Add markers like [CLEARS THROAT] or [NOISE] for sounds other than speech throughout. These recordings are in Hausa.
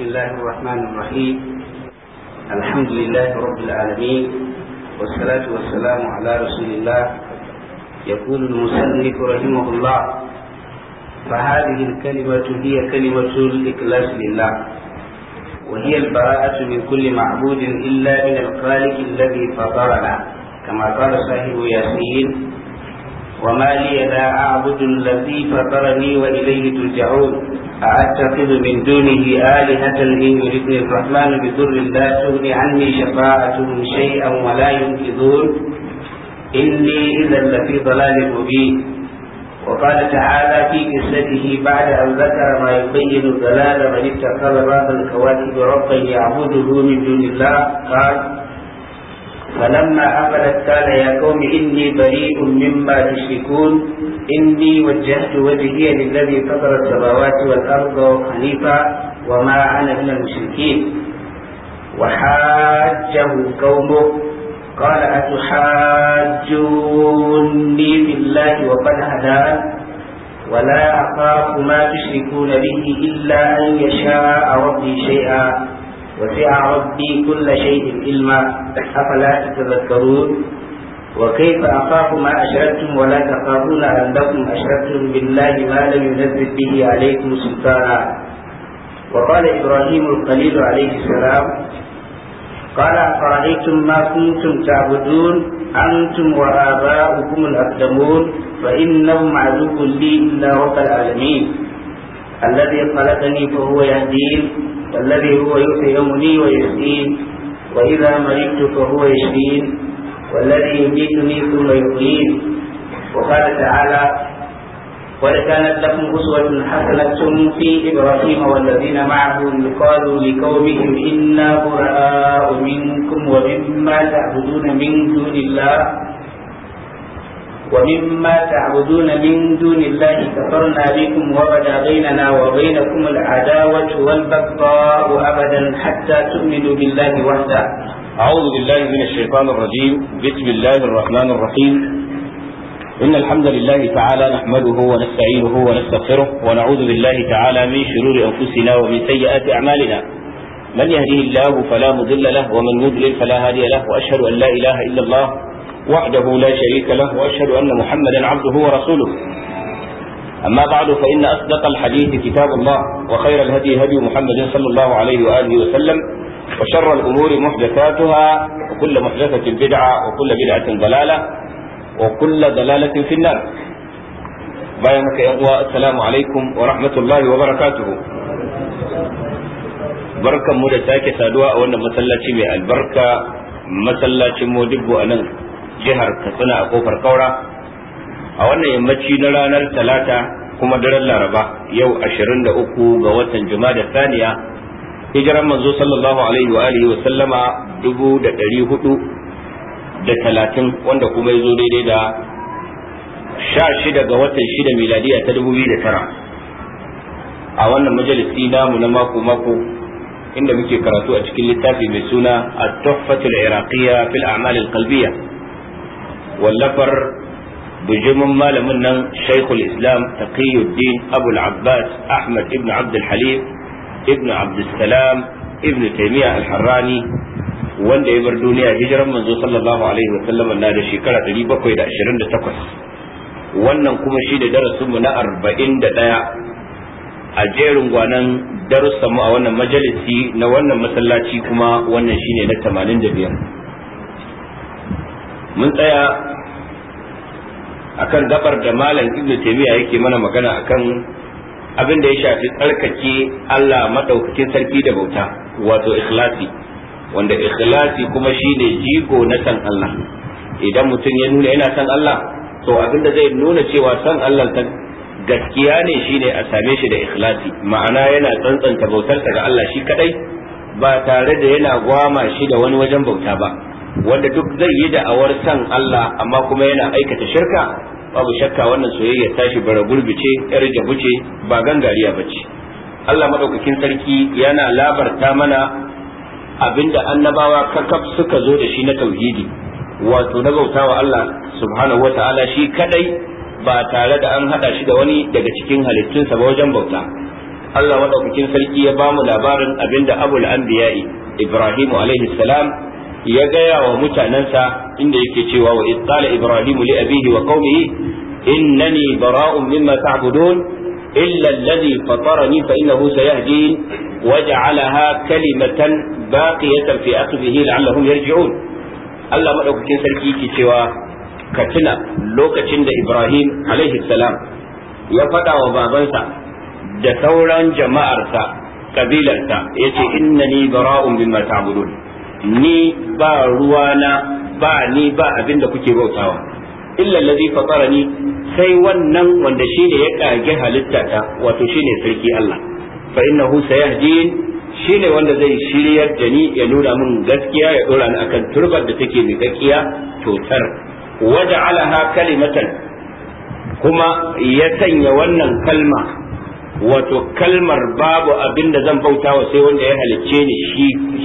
بسم الله الرحمن الرحيم الحمد لله رب العالمين والصلاة والسلام على رسول الله يقول المسلم رحمه الله فهذه الكلمة هي كلمة الإخلاص لله وهي البراءة من كل معبود إلا من الخالق الذي فطرنا كما قال صاحب ياسين وما لي لا أعبد الذي فطرني وإليه ترجعون أأتخذ من دونه آلهة إن يردني الرحمن بضر لا تغني عني شفاعتهم شيئا ولا ينقذون إني إذا لفي ضلال مبين وقال تعالى في قصته بعد أن ذكر ما يبين الضلال من اتخذ بعض الكواكب ربا يعبده من دون الله قال فلما عقلت قال يا قوم إني بريء مما تشركون إني وجهت وجهي للذي فطر السماوات والأرض حنيفا وما أنا من المشركين وحاجه قومه قال أتحاجوني في الله وقد هدان ولا أخاف ما تشركون به إلا أن يشاء ربي شيئا وسع ربي كل شيء علما أفلا تتذكرون وكيف أخاف ما أشركتم ولا تخافون أنكم أشركتم بالله ما لم ينزل به عليكم سلطانا وقال إبراهيم الخليل عليه السلام قال أفرأيتم ما كنتم تعبدون أنتم وآباؤكم الأقدمون فإنهم عدو لي إلا رب العالمين الذي خلقني فهو يهدين والذي هو يطعمني ويسقين وإذا مرضت فهو يشفين والذي يميتني ثم يقين وقال تعالى ولكانت لكم أسوة حسنة في إبراهيم والذين معه قالوا لقومهم إنا براء منكم ومما تعبدون من دون الله ومما تعبدون من دون الله كفرنا بكم وبدا بيننا وبينكم العداوة والبغضاء أبدا حتى تؤمنوا بالله وحده أعوذ بالله من الشيطان الرجيم بسم الله الرحمن الرحيم إن الحمد لله تعالى نحمده ونستعينه ونستغفره ونعوذ بالله تعالى من شرور أنفسنا ومن سيئات أعمالنا من يهده الله فلا مضل له ومن يضلل فلا هادي له وأشهد أن لا إله إلا الله وحده لا شريك له واشهد ان محمدا عبده ورسوله اما بعد فان اصدق الحديث كتاب الله وخير الهدي هدي محمد صلى الله عليه واله وسلم وشر الامور محدثاتها وكل محدثه بدعه وكل بدعه ضلاله وكل ضلاله في النار bayan يا yan السلام عليكم ورحمة الله وبركاته بركة barakatuhu barkan mu da sake saduwa a wannan masallaci mai albarka jihar katsina a kofar kaura a wannan yammaci na ranar talata kuma daren laraba yau 23 ga watan da saniya hijiran manzo sallallahu alaihi wa alihi wa sallama 430 wanda kuma yazo daidai da 16 ga watan 6 miladiya ta 2009 a wannan majalisi namu na mako mako inda muke karatu a cikin littafi mai suna at-tuhfatul iraqiyya fil a'mal al-qalbiyya wallafar bujimin malamin nan shaikhul islam taqiyuddin al abbas ahmad ibn abd halim ibn abd salam ibn taymiya al-harrani wanda ya bar duniya hijiran manzo sallallahu alaihi wa sallam na da shekara 728 wannan kuma shi da darasinmu na 41 a jerin gwanan mu a wannan majalisi na wannan masallaci kuma wannan shine na 85 mun tsaya akan gabar da malam ibnu taymiya yake mana magana akan abin da ya shafi tsarkake Allah maɗaukakin sarki da bauta wato ikhlasi wanda ikhlasi kuma shine jigo na san Allah idan mutum ya nuna yana san Allah to abin da zai nuna cewa san Allah ta gaskiya ne shine a same shi da ikhlasi ma'ana yana tsantsanta bautarsa ga Allah shi kadai ba tare da yana gwama shi da wani wajen bauta ba wanda duk zai yi da'awar san Allah amma kuma yana aikata shirka babu shakka wannan soyayya tashi bara ce, yar jabu ce ba gangariya bace Allah madaukakin sarki yana labarta mana abinda annabawa kakaf suka zo da shi na tauhidi wato na bautawa Allah subhanahu wata'ala shi kadai ba tare da an hada shi da wani daga cikin halittunsa ba wajen bauta Allah madaukakin sarki ya bamu labarin abinda abul anbiya'i Ibrahim alaihi salam ya gaya wa mutanensa inda yake cewa wa qala ibrahimu li abihi wa qaumihi innani bara'un mimma ta'budun illa alladhi fatarani fa innahu sayahdin waj'alaha kalimatan baqiyatan fi aqbihi la'allahum yarji'un Allah madaukakin sarki yake cewa ka tuna lokacin da Ibrahim alaihi salam ya faɗa wa babansa da sauran jama'arsa kabilarsa yace innani bara'un mimma ta'budun ni ba ruwana ba ni ba abin da kuke bautawa illa allazi fatarani sai wannan wanda shine ya kage halittata wato shine sarki Allah fa innahu sayahdin shine wanda zai shiryar da ni ya nuna min gaskiya ya dora ni akan turbar da take mai gaskiya totar waja'alaha kalimatan kuma ya sanya wannan kalma wato kalmar babu abin da zan bautawa sai wanda ya halicce ni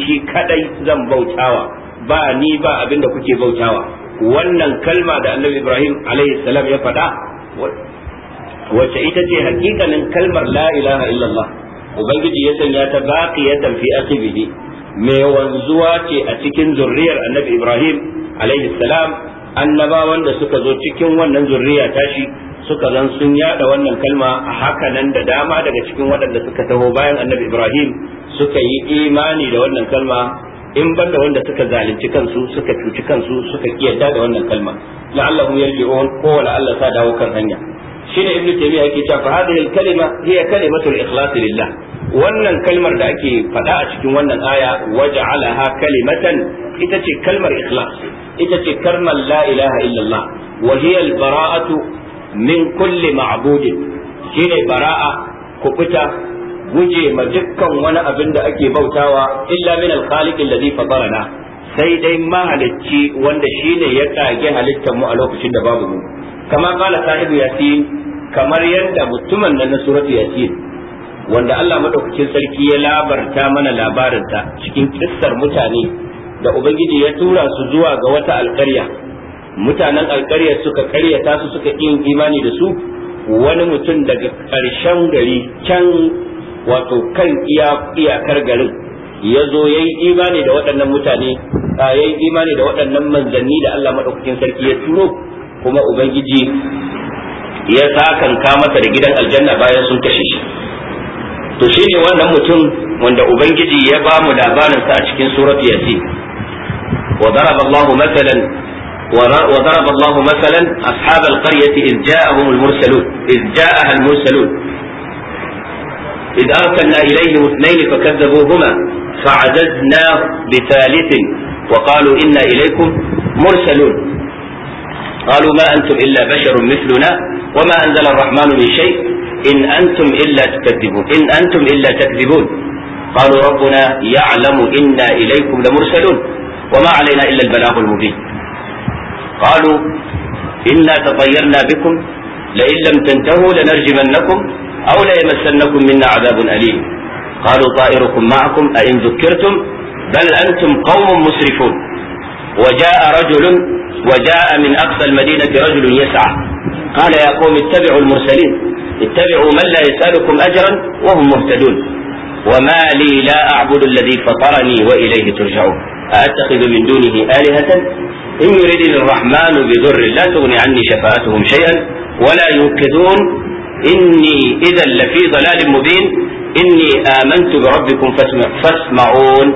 shi kadai zan bautawa ba ni ba abin da kuke bautawa wannan kalma da annabi ibrahim salam ya faɗa wacce ita ce hakikanin kalmar la ilaha illallah ubangiji ya sanya ta baqiyatan fi asibiti? mai wanzuwa ce a cikin zurriyar annabi ibrahim salam annabawan da suka zo cikin wannan zurriya tashi suka zan sun yada wannan kalma a haka nan da dama daga cikin waɗanda suka taho bayan annabi ibrahim suka yi imani da wannan kalma in da wanda suka zalunci kansu suka cuci kansu suka iyata da wannan kalma la'allahu yarji'un ko Allah sa dawo kan hanya shine ibnu taymiya yake cewa fa hadhihi al-kalima hiya kalimatu al-ikhlas lillah wannan kalmar da ake faɗa a cikin wannan aya waja'alaha kalimatan ita ce kalmar ikhlas ita ce kalmar la ilaha illallah wa hiya al-bara'atu min kulli ma'budin shine bara'a fita guje ma dukkan wani abin da ake bautawa illa min al-khaliq alladhi fatarana sai dai mahalicci wanda shine ya kage halittar mu a lokacin da babu mu kama kala sahibu yasin kamar yadda mutumin nan na suratu yasin wanda Allah madaukakin sarki ya labarta mana labarinta cikin kissar mutane da ubangiji ya tura su zuwa ga wata alƙarya mutanen alkarya suka karyata su suka yin imani da su wani mutum daga ƙarshen gari can wato kan iyakar garin ya zo ya yi imani da waɗannan mutane ya yi imani da waɗannan manzanni da Allah maɗaukakin sarki ya turo kuma ubangiji ya sa sakanka masa da gidan aljanna bayan sun kashe shi to ne wannan mutum wanda ubangiji ya ba mu labarinsa a cikin surat yasin wa daraba Allahu matalan وضرب الله مثلا أصحاب القرية إذ جاءهم المرسلون إذ جاءها المرسلون إذ أرسلنا إليهم اثنين فكذبوهما فعززنا بثالث وقالوا إنا إليكم مرسلون قالوا ما أنتم إلا بشر مثلنا وما أنزل الرحمن من شيء إن أنتم إلا تكذبون إن أنتم إلا تكذبون قالوا ربنا يعلم إنا إليكم لمرسلون وما علينا إلا البلاغ المبين قالوا إنا تطيرنا بكم لئن لم تنتهوا لنرجمنكم أو ليمسنكم منا عذاب أليم قالوا طائركم معكم أئن ذكرتم بل أنتم قوم مسرفون وجاء رجل وجاء من أقصى المدينة رجل يسعى قال يا قوم اتبعوا المرسلين اتبعوا من لا يسألكم أجرا وهم مهتدون وما لي لا أعبد الذي فطرني وإليه ترجعون أأتخذ من دونه آلهة إن يردني الرحمن بضر لا تغني عني شفاعتهم شيئا ولا ينقذون إني إذا لفي ضلال مبين إني آمنت بربكم فاسمعون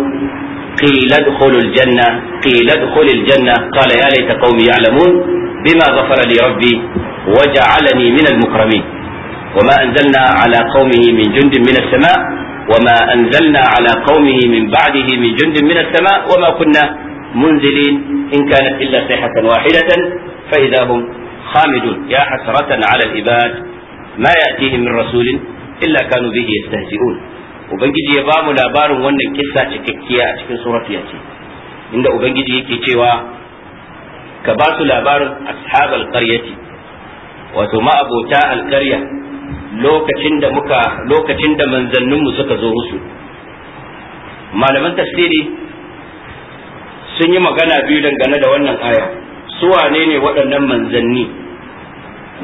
قيل ادخلوا الجنة قيل ادخل الجنة قال يا ليت قومي يعلمون بما غفر لي ربي وجعلني من المكرمين وما أنزلنا على قومه من جند من السماء وما أنزلنا على قومه من بعده من جند من السماء وما كنا منزلين إن كانت إلا صيحة واحدة فإذا هم خامدون يا حسرة على العباد ما يأتيهم من رسول إلا كانوا به يستهزئون ubangiji يبام لابار labarin كسا تككيا تكن سورة ياتي عند yace كتوا كباس لابار أصحاب القرية ba su labarin القرية lokacin da muka lokacin da manzanninmu suka zo musu malaman tafsiri sun yi magana biyu dangane da wannan aya su wane ne waɗannan manzanni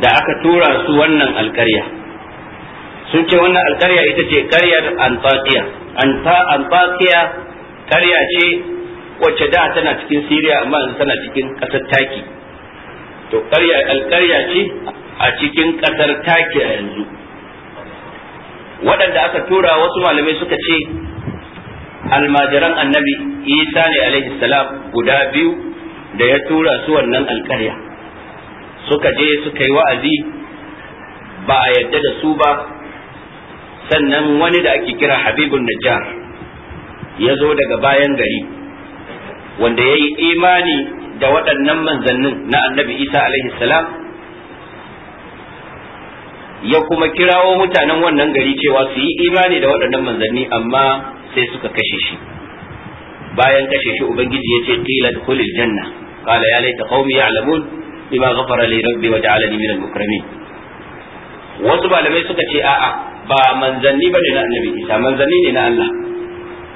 da aka tura su wannan alƙarya sun ce wannan alƙarya ita ce ƙaryar antakiya antakiya ƙarya ce wacce da tana cikin siriya amma tana cikin ƙasar taki to ƙarya ce a cikin ƙasar take a yanzu waɗanda aka tura wasu malamai suka ce almajiran annabi isa ne alaihi salam guda biyu da ya tura su wannan alƙarya suka je suka yi wa'azi ba a yadda da su ba sannan wani da ake kira habibun najjar ya zo daga bayan gari wanda ya yi imani da waɗannan manzannin na annabi isa alaihi salam ya kuma kirawo mutanen wannan gari cewa su yi imani da waɗannan manzanni amma sai suka kashe shi bayan kashe shi ubangiji ya ce qila dukhulil janna qala ya laita qaumi ya'lamun bima ghafara li rabbi wa ja'alani minal mukramin wasu malamai suka ce a'a ba manzanni bane na annabi isa manzanni ne na Allah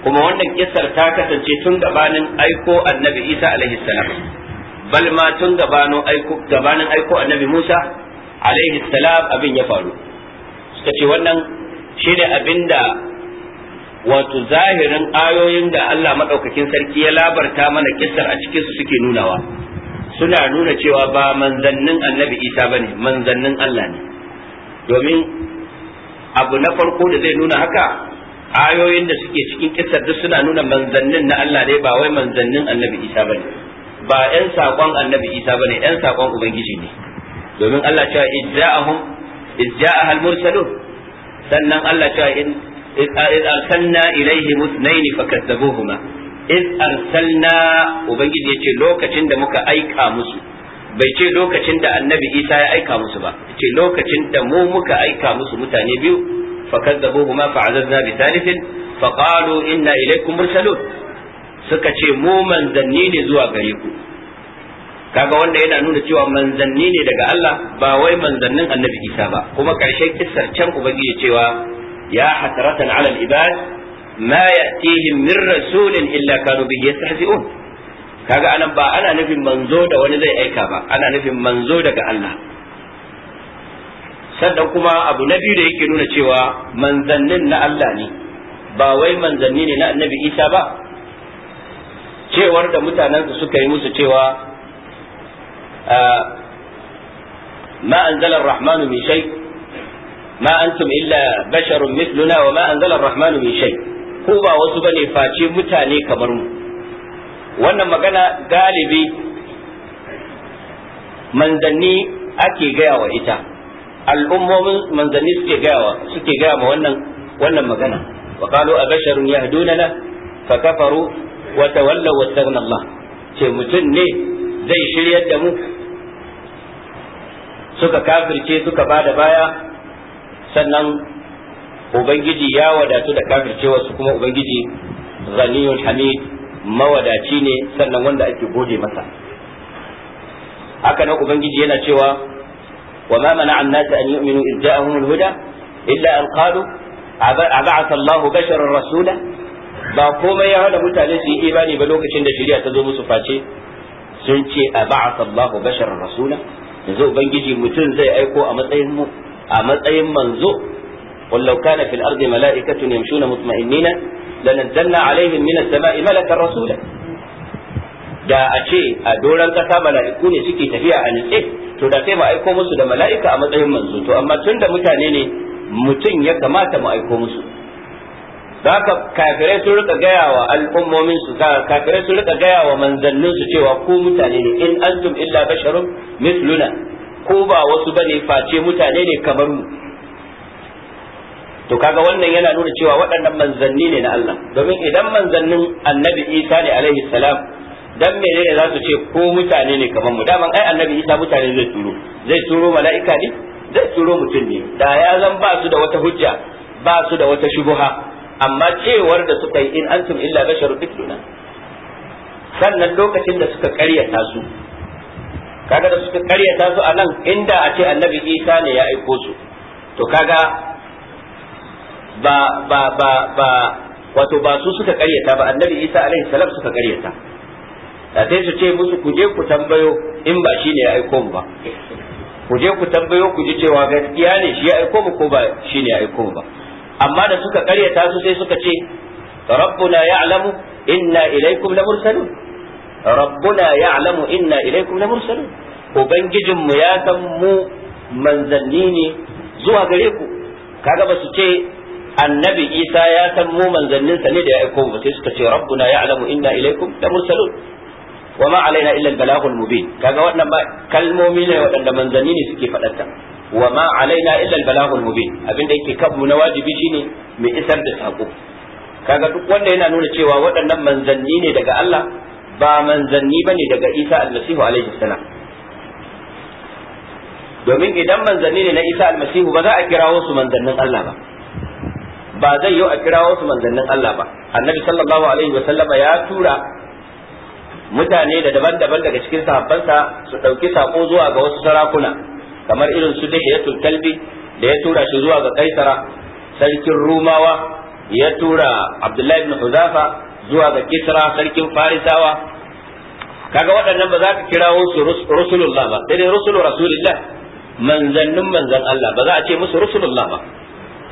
kuma wannan kissar ta kasance tun gabanin aiko annabi isa alaihi salam bal ma tun gabanin aiko annabi musa alaihi salam abin ya faru suka ce wannan shine abinda wato zahirin ayoyin da Allah madaukakin sarki ya labarta mana kissar a cikin su suke nunawa suna nuna cewa ba manzannin annabi isa bane manzannin Allah ne domin abu na farko da zai nuna haka ayoyin da suke cikin kissar duk suna nuna manzannin na Allah ne ba wai manzannin annabi isa bane ba 'yan saƙon annabi isa bane 'yan saƙon ubangiji ne domin Allah cewa idza'ahum idza'aha al-mursalun sannan Allah cewa in إذ أرسلنا إليهم اثنين فكذبوهما إذ أرسلنا وبنجي يجي لوكا da muka aika musu. bai ce lokacin da annabi isa ya aika musu ba ce lokacin da mu muka aika musu mutane biyu fakazzabu ma fa'azazna bi thalithin faqalu inna ilaykum mursalun suka ce mu manzanni ne zuwa gare ku kaga wanda yana nuna cewa manzanni ne daga Allah ba wai manzannin annabi Isa ba kuma karshen kissar can ubangiji cewa ya hasratan ala al-ibad ma ya'tihim min rasulin illa kanu bihi yastahzi'un kaga anan ba ana nufin manzo da wani zai aika ba ana nufin manzo daga Allah sannan kuma abu na biyu da yake nuna cewa manzannin na Allah ne ba wai manzanni ne na annabi Isa ba cewar da mutanensa suka yi musu cewa ما أنزل الرحمن من شيء ما أنتم إلا بشر مثلنا وما أنزل الرحمن من شيء ko ba ne bane face mutane kamar mu wannan magana galibi manzanni ake gaya wa ita al'ummomin manzanni suke gaya suke gaya ma wannan wannan magana wa qalu abasharun yahdunana fa kafaru wa tawallaw wa Allah ce mutum ne zai shiryar da mu suka kafirce suka ba da baya sannan ubangiji ya wadatu da kafirce kafircewarsu kuma ubangiji zaniyun hamid mawadaci ne sannan wanda ake gode masa haka ubangiji yana cewa wa ma mana an-nasa an yu'minu idh ja'ahum al-huda illa an qalu ab'atha Allahu basharan rasula ba komai ya hada mutane su yi imani ba lokacin da shari'a ta zo musu face sun ce a ba'atha Allahu basharan rasula yanzu ubangiji mutum zai aiko a matsayin mu a matsayin manzo qul law kana fil ardi mala'ikatun yamshuna mutma'innina lanazzalna alaihim min as-sama'i malakan rasula da a ce a doran kasa mala'iku ne suke tafiya a nitse to da sai mu aiko musu da mala'ika a matsayin manzo to amma tunda mutane ne mutum ya kamata mu aiko musu da haka kafirai sun rika gaya wa al'ummomin su kafirai sun rika gaya wa manzannin su cewa ku mutane ne in antum illa basharun misluna ko ba wasu bane face mutane ne kamar mu to kaga wannan yana nuna cewa waɗannan manzanni ne na Allah domin idan manzannin annabi Isa ne alaihi salam dan menene za su ce ko mutane ne kamar mu daman ai annabi Isa mutane zai turo zai turo mala'ika ne zai turo mutum ne da ya zan ba su da wata hujja ba su da wata shubuha amma cewar da suka yi in antum illa duk mithluna sannan lokacin da suka karyata su kaga da suka karyata su a nan inda a ce annabi isa ne ya aiko su to kaga ba ba ba ba wato ba su suka karyata ba annabi isa alaihi salam suka karyata da sai su ce musu ku je ku tambayo in ba shi ne ya aiko mu ba ku je ku tambayo ku ji cewa gaskiya ne shi ya aiko mu ko ba shi ne ya aiko mu ba amma da suka karyata su sai suka ce rabbuna ya'lamu inna ilaikum lamursalun rabbuna ya'lamu inna ilaikum lamursalun ubangijin mu ya san mu manzanni ne zuwa gare ku kaga ba su ce annabi isa ya san mu manzannin sa ne da ya aiko ba sai suka ce rabbuna ya'lamu inna ilaikum lamursalun wa ma alaina illa al-balaghul mubin kaga wannan ba kalmomi ne waɗanda manzanni ne suke faɗa wa ma alaina illa al-balaghul mubin da yake kabu na wajibi shine mu isar da sako kaga duk wanda yana nuna cewa waɗannan manzanni ne daga Allah ba manzanni bane daga Isa almasihu alaihi salam domin idan manzanni ne na Isa almasihu ba za a kirawo su manzannin Allah ba ba zai yau a kirawo su manzannin Allah ba annabi sallallahu alaihi wa sallama ya tura mutane da daban-daban daga cikin sahabbansa su ɗauki sako zuwa ga wasu sarakuna kamar irin su da ya kalbi da ya tura shi zuwa ga kaisara sarkin rumawa ya tura abdullahi ibn huzafa zuwa ga kisra sarkin farisawa kaga waɗannan ba za ka kira su rusulullah ba sai dai rusulu rasulillah manzannin manzan Allah ba za a ce musu rusulullah ba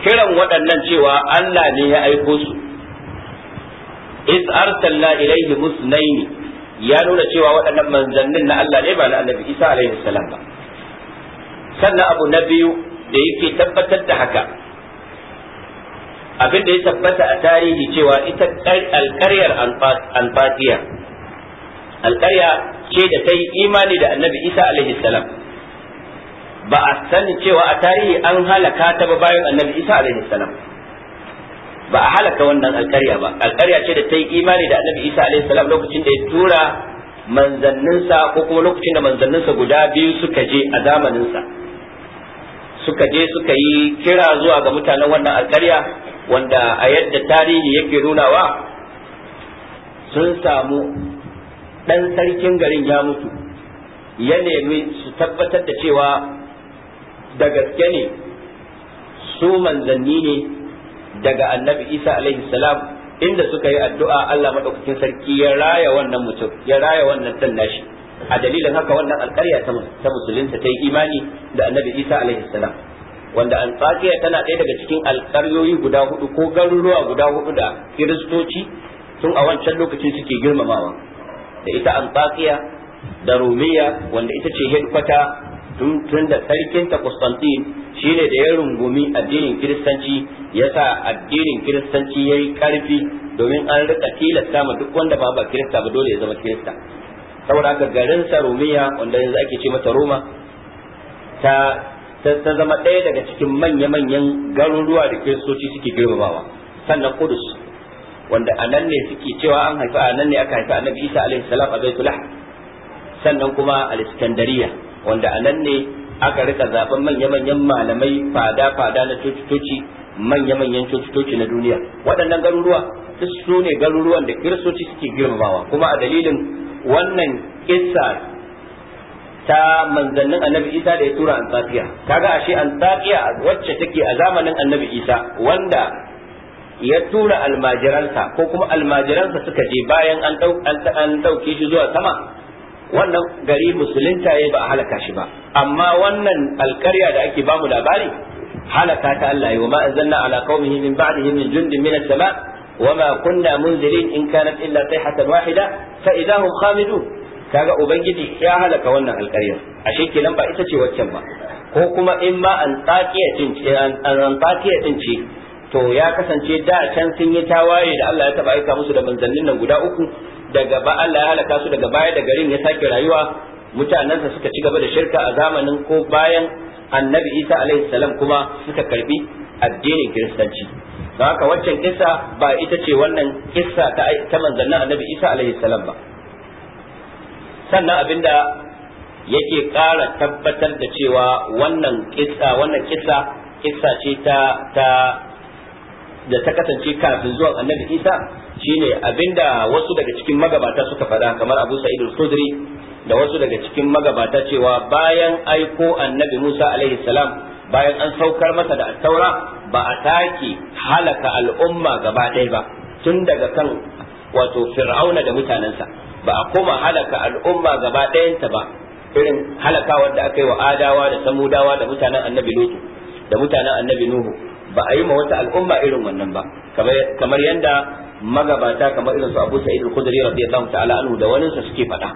kiran waɗannan cewa Allah ne ya aiko su iz arsalna ilaihi musnaini ya nuna cewa waɗannan manzannin na Allah ne ba na annabi Isa alaihi salam ba sannan abu na biyu da yake tabbatar da haka abin da ya tabbata a tarihi cewa ita alƙaryar alfatiya alƙarya ce da ta yi imani da annabi isa alaihi salam ba a sani cewa a tarihi an halaka ta ba bayan annabi isa alaihi salam ba a halaka wannan alƙarya ba alƙarya ce da ta yi imani da annabi isa alaihi salam lokacin da ya tura manzanninsa ko kuma lokacin da manzanninsa guda biyu suka je a zamaninsa suka je suka yi kira zuwa ga mutanen wannan alkarya wanda a yadda tarihi yake nunawa sun samu ɗan sarkin garin ya mutu ya nemi su tabbatar da cewa da gaske ne su manzanni ne daga annabi isa alaihi salam inda suka yi addu'a Allah maɗaukakin sarki ya raya wannan mutum ya raya wannan sannashi. a dalilin haka wannan alƙarya ta musulunta ta yi imani da annabi isa alaihi salam wanda tsakiya tana ɗaya daga cikin alƙaryoyi guda hudu ko garuruwa guda hudu da kiristoci tun a wancan lokacin suke girmamawa da ita tsakiya da rumiya wanda ita ce hedkwata tun da sarkinta Constantine shi ne da ya rungumi addinin kiristanci ya sa addinin kiristanci ya yi ƙarfi domin an rika tilasta ma duk wanda ba ba kirista ba dole ya zama kirista saboda haka garin sa Rumiya wanda yanzu ake ce mata Roma ta ta zama ɗaya daga cikin manya-manyan garuruwa da kiristoci suke girmamawa sannan Kudus wanda a ne suke cewa an haifa a nan ne aka haifa Annabi Isa alaihi salam a Baitul sannan kuma Alexandria wanda a ne aka rika zaben manya-manyan malamai fada-fada na coci-coci manya-manyan coci na duniya waɗannan garuruwa su ne garuruwan da kiristoci suke girmamawa kuma a dalilin wannan kissa ta manzannin annabi isa da ya tura antakiya kaga ashe antakiya wacce take a zamanin annabi isa wanda ya tura almajiransa ko kuma almajiransa suka je bayan an ɗauke shi zuwa sama wannan gari musulunta ya ba a halaka shi ba amma wannan alkarya da ake bamu labari halaka ta Allah yi wa ma anzalna ala qaumihi min ba'dihi min jundin min sama وما كنا منذرين إن كانت إلا صيحة واحدة فإذا هم خامدون ga ubangiji ya halaka wannan alƙaryar ashe kenan ba ita ce waccan ba ko kuma in ma an tsakiya din ce an to ya kasance da can sun yi tawaye da Allah ya taba aika musu da manzannin nan guda uku daga ba Allah ya halaka su daga baya da garin ya sake rayuwa mutanensa suka ci gaba da shirka a zamanin ko bayan annabi Isa alaihi salam kuma suka karbi addinin kiristanci don haka waccan kissa ba ita ce wannan kissa ta ta manzannin annabi Isa alaihi salam ba sannan abinda yake ƙara tabbatar da cewa wannan kissa wannan kissa kissa ce ta ta da ta kasance kafin zuwan annabi Isa shine abinda wasu daga cikin magabata suka faɗa kamar Abu Sa'id al-Khudri da wasu daga cikin magabata cewa bayan aiko annabi Musa alaihi salam bayan an saukar masa da taura ba a take halaka al'umma gaba ɗaya ba tun daga kan wato fir'auna da mutanensa ba a kuma halaka al'umma gaba ɗayanta ba irin halaka wanda aka yi wa adawa da samudawa da mutanen annabi lutu da mutanen annabi nuhu ba a yi ma wata al'umma irin wannan ba kamar yadda magabata kamar irin su abu sa'id al-khudri radiyallahu ta'ala anhu da wani sa suke faɗa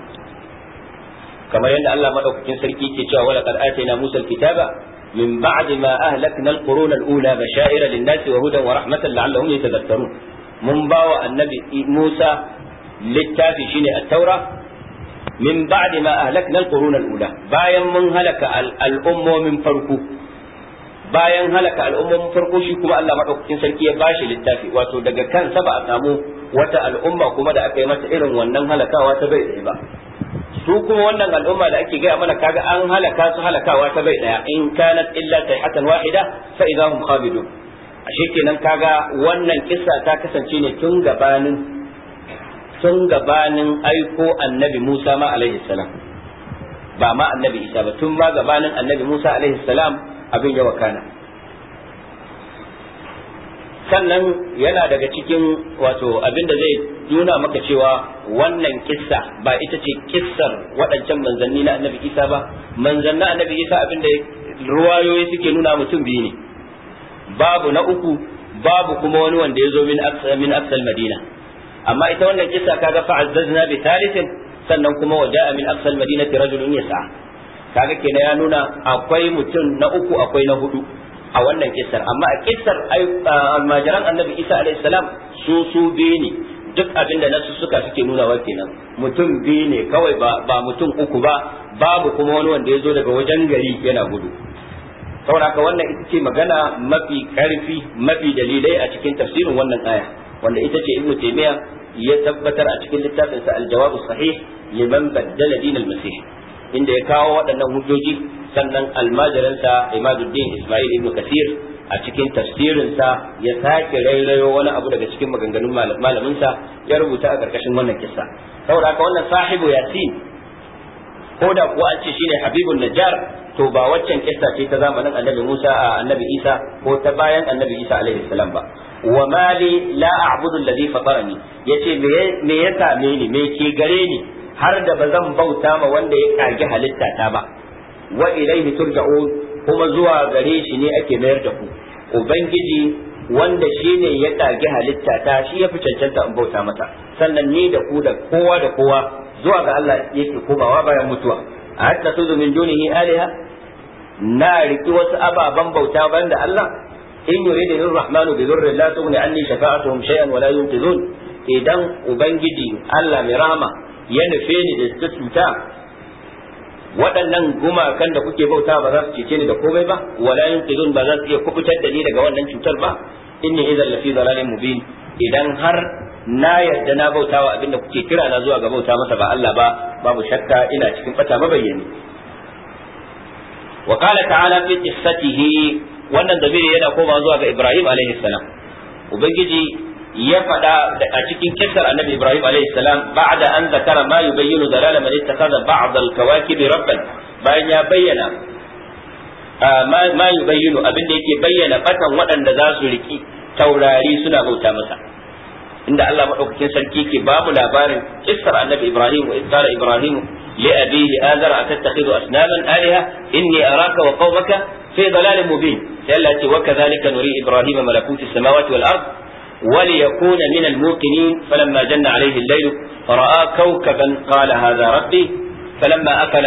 kamar yadda Allah madaukakin sarki ke cewa wala qad atayna musa al-kitaba من بعد ما أهلكنا القرون الأولى بشائر للناس وهدى ورحمة لعلهم يتذكرون من باوى النبي موسى للتافي شيني التوراة من بعد ما أهلكنا القرون الأولى باين من هلك الأم من فرقه bayan halaka al'umman farko shi kuma Allah madaukakin sarki ya bashi littafi wato daga kan saba a samu wata al'umma kuma da aka yi mata irin wannan halakawa ta bai ba su kuma wannan al'umma da ake gaya mana kaga an halaka su halakawa ta bai daya in kanat illa sayhatan wahida fa idahum khabidun ashe kenan kaga wannan kissa ta kasance ne tun gabanin tun gabanin aiko annabi Musa ma alaihi salam ba ma annabi Isa ba tun ma gabanin annabi Musa alaihi salam abin ya wakana sannan yana daga cikin wato abin da zai nuna maka cewa wannan kissa ba ita ce kissar waɗancan manzanni na annabi isa ba manzanni annabi isa abin da ruwayoyi suke nuna mutum biyu ne babu na uku babu kuma wani wanda ya zo min min aksal madina amma ita wannan kissa kaga fa azzazna bi thalithin sannan kuma ja'a min aksal madinati rajulun yas'a kaga kenan ya nuna akwai mutum na uku akwai na hudu a wannan kisar amma a kissar almajiran annabi isa alayhi salam su su biyu ne duk abin da nasu suka suke nuna wa kenan mutum biyu ne kawai ba mutum uku ba babu kuma wani wanda ya zo daga wajen gari yana gudu saboda wannan ita ce magana mafi karfi mafi dalilai a cikin tafsirin wannan aya wanda ita ce ibnu taymiya ya tabbatar a cikin littafinsa al-jawab sahih liman baddala din masih inda ya kawo waɗannan hujjoji sannan almajiransa imaduddin ismail ibn kasir a cikin tafsirinsa ya sake rairayo wani abu daga cikin maganganun malaminsa ya rubuta a ƙarƙashin wannan kissa saboda haka wannan sahibu yasin ko da kuwa an ce shine habibun najjar to ba waccan kissa ce ta zamanin annabi musa a annabi isa ko ta bayan annabi isa alaihi salam ba wa mali la a'budu alladhi fatarani yace me ya same ni me ke gare ni har da ba zan bauta ma wanda ya kage halitta ta ba wa ilaihi turja'un kuma zuwa gare shi ne ake mayar da ku ubangiji wanda shi ne ya kage halitta ta shi ya fi cancanta in bauta masa sannan ni da ku da kowa da kowa zuwa ga Allah yake komawa bayan mutuwa hatta tuzu min dunihi aliha na riki wasu ababen bauta da Allah in yuridu rahmanu bi dhurri la tughni anni shafa'atuhum shay'an wa la yunqidhun idan ubangiji Allah mai rahama ya nufe ni da ta cuta waɗannan gumakan da kuke bauta ba za su cece ni da komai ba wala yunqidun ba za su iya kubutar da ni daga wannan cutar ba inni idan lafi dalalin mubin idan har na yarda na bauta bautawa abinda kuke kira na zuwa ga bauta masa ba Allah ba babu shakka ina cikin fata mabayyani wa qala ta'ala fi qissatihi wannan dabiri yana koma zuwa ga Ibrahim alaihi salam ubangiji ya faɗa a cikin kisar annabi Ibrahim alaihi salam ba'da an zakara ma yubayyinu ta man ittakhadha ba'd al-kawakib rabban bayan ya bayyana ma yubayyinu abin da yake bayyana batan waɗanda za su riki taurari suna bauta masa inda Allah madaukakin sarki ke babu labarin kisar annabi Ibrahim wa izzara Ibrahim li abihi azara atattakhidhu asnaman alaha inni araka wa qaumaka fi dalalin mubin sai Allah ce wa kadhalika nuri Ibrahim malakuti samawati wal ard وليكون من الموقنين فلما جن عليه الليل رأى كوكبا قال هذا ربي فلما أكل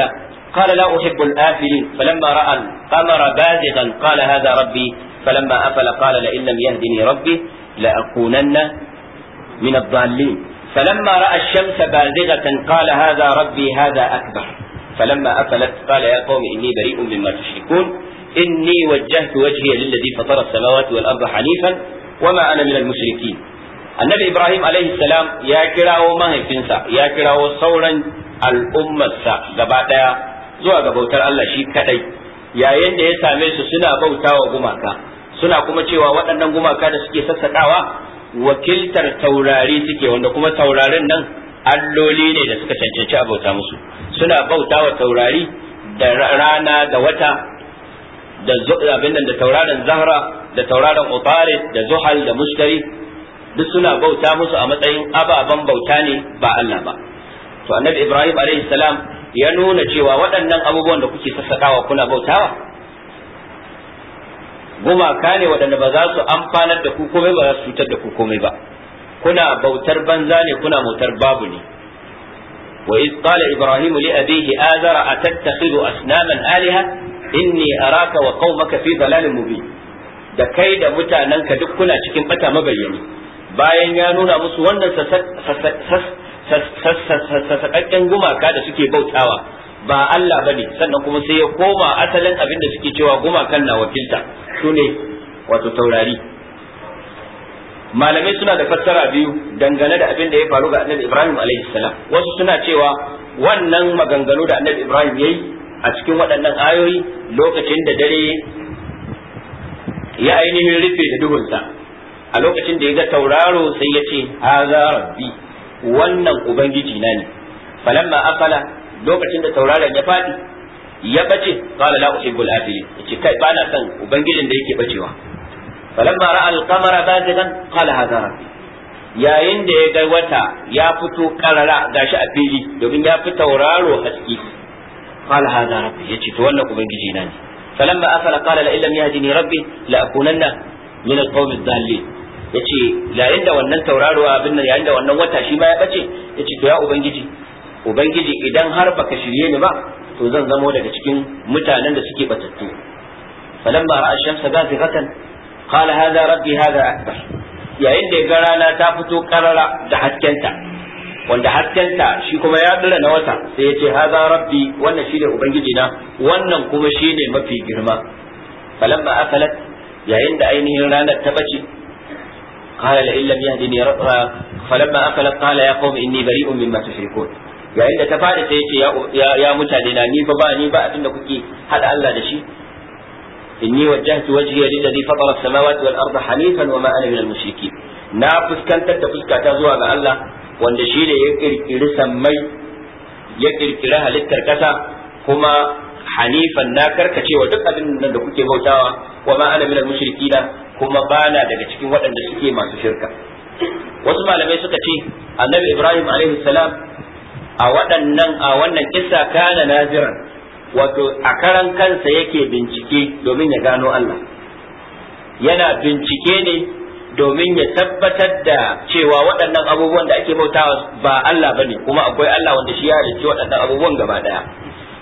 قال لا أحب الآفلين فلما رأى القمر بازغا قال هذا ربي فلما أفل قال لئن لم يهدني ربي لأكونن من الضالين فلما رأى الشمس بازغة قال هذا ربي هذا أكبر فلما أفلت قال يا قوم إني بريء مما تشركون إني وجهت وجهي للذي فطر السماوات والأرض حنيفا wa ma ana mushriki annabi ibrahim alaihi salam ya kirawo mahaifinsa ya kirawo sauran al'ummarsa gaba daya zuwa ga bautar Allah shi kadai yayin da ya same su suna bautawa gumaka suna kuma cewa waɗannan gumaka da suke sassaɗawa wakiltar taurari suke wanda kuma taurarin nan alloli ne da suka cancanci a bauta musu suna bautawa taurari da rana da wata da abin da tauraron zahra da tauraron Ubarid da Zuhal da mustari duk suna bauta musu a matsayin ababen bauta ne ba Allah ba to annabi Ibrahim alaihi salam ya nuna cewa waɗannan abubuwan da kuke sassaƙawa kuna bautawa gumaka ne waɗanda ba za su amfanar da ku komai ba za su cutar da ku komai ba kuna bautar banza ne kuna motar babu ne وإذ قال إبراهيم لأبيه آذر أتتخذ أصناما آلهة إني أراك وقومك في ضلال مبين da kai da mutanenka duk kuna cikin bata mabayyani bayan ya nuna musu wannan sassaƙaƙƙen gumaka da suke bautawa ba Allah ba ne sannan kuma sai ya koma asalin abin da suke cewa gumakan na wakilta su ne wato taurari malamai suna da fassara biyu dangane da abin da ya faru ga annabi ibrahim salam wasu suna cewa wannan maganganu da annabi ibrahim ya yi a cikin waɗannan ayoyi lokacin da dare ya ainihin rufe da duhunsa a lokacin da ya ga tauraro sai ya ce haza rabbi wannan ubangiji na ne falamma akala lokacin da tauraron ya fadi ya bace qala la al ya yace kai bana son ubangijin da yake bacewa falamma ra'a al-qamara bazigan qala hadha rabbi yayin da ya ga wata ya fito karara gashi a fili domin ya fi tauraro haske qala hadha rabbi yace to wannan ubangiji na ne falamma afala qala la illam yahdini rabbi la akunanna min alqawmi yace yayin da wannan tauraro abin nan yayin da wannan wata shi ma ya bace yace to ya ubangiji ubangiji idan har baka shirye ni ba to zan zamo daga cikin mutanen da suke batattu falamma ra'a ash-shamsa bazighatan qala hadha rabbi hadha akbar yayin da ga rana ta fito karara da haskenta wanda haskenta shi kuma ya dira na wata sai ya ce haza rabbi wannan shine ubangiji na wannan kuma shine mafi girma falamma akalat yayin da ainihin ranar ta bace qala la illam yahdini rabba falamma akalat qala ya qaumi inni bari'un mimma tushrikun yayin da ta fada sai ya ce ya mutane na ni ba ba ni ba abinda kuke hada Allah da shi inni wajjahtu wajhiya lilladhi fatara as-samawati wal arda hanifan wa ma ana minal mushrikin na fuskantar da fuskata zuwa ga Allah wanda shi ne ya kirkiri sammai ya kirkiri halittar kasa kuma hanifan na karkacewa duk abin nan da kuke bautawa wa ma ana minal da kuma bana daga cikin waɗanda suke masu shirka wasu malamai suka ce annabi ibrahim alaihi salam a waɗannan a wannan kissa kana nazira wato a karan kansa yake bincike domin ya gano Allah yana bincike ne domin ya tabbatar da cewa waɗannan abubuwan da ake bautawa ba Allah ba ne kuma akwai Allah wanda shi ya halicci waɗannan abubuwan gaba ɗaya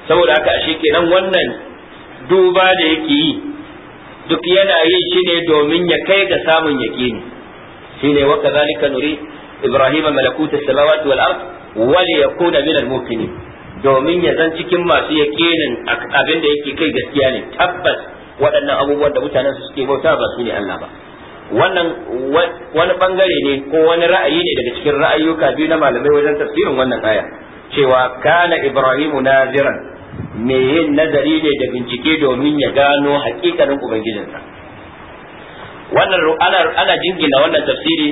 saboda haka ashe kenan wannan duba da yake yi duk yana yi shi ne domin ya kai ga samun yaƙini ne wa kazalika nuri ibrahima malakuta samawati wal ard wa yakuna min al mu'minin domin ya zan cikin masu yaƙinin abin da yake kai gaskiya ne tabbas waɗannan abubuwan da mutanen su suke bauta ba su ne Allah ba wannan wani bangare ne ko wani ra'ayi ne daga cikin ra'ayyuka biyu na malamai wajen tafsirin wannan aya cewa kana ibrahimu naziran me yin nazari ne da bincike domin ya gano hakikanin ubangijinsa wannan ana ana jingina wannan tafsiri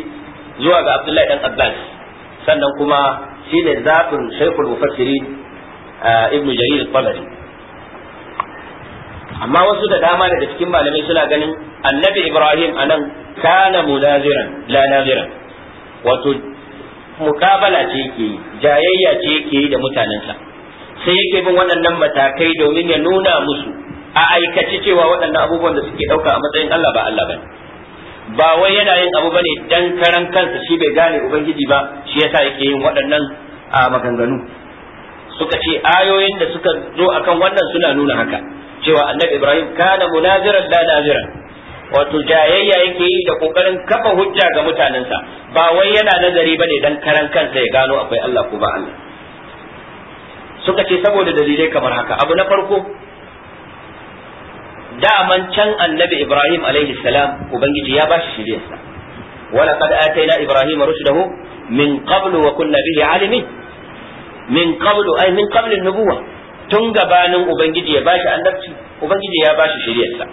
zuwa ga abdullahi dan abbas sannan kuma shine zafin shaykhul mufassirin ah, ibnu jarir al-tabari amma wasu da dama daga cikin malamai suna ganin annabi ibrahim a nan kana munaziran la naziran wato mukabala ce yake yi jayayya ce yake yi da mutanensa sai yake bin waɗannan matakai domin ya nuna musu a aikace cewa waɗannan abubuwan da suke ɗauka a matsayin Allah ba Allah bane ba wai yana yin abu bane dan karan kansa shi bai gane ubangiji ba shi yasa yake yin waɗannan a maganganu suka ce ayoyin da suka zo akan wannan suna nuna haka cewa annabi ibrahim kana munaziran la naziran wato jayayya yake yi da kokarin kafa hujja ga mutanensa ba wai yana nazari bane dan karan kansa ya gano akwai Allah ko ba Allah suka ce saboda dalilai kamar haka abu na farko daman can annabi ibrahim alaihi salam ubangiji ya bashi shiriyarsa wala qad ataina ibrahima rushdahu min qablu wa kunna bihi alimin min qablu ay min qablu an-nubuwah tun gabanin ubangiji ya bashi annabci ubangiji ya bashi shiriyarsa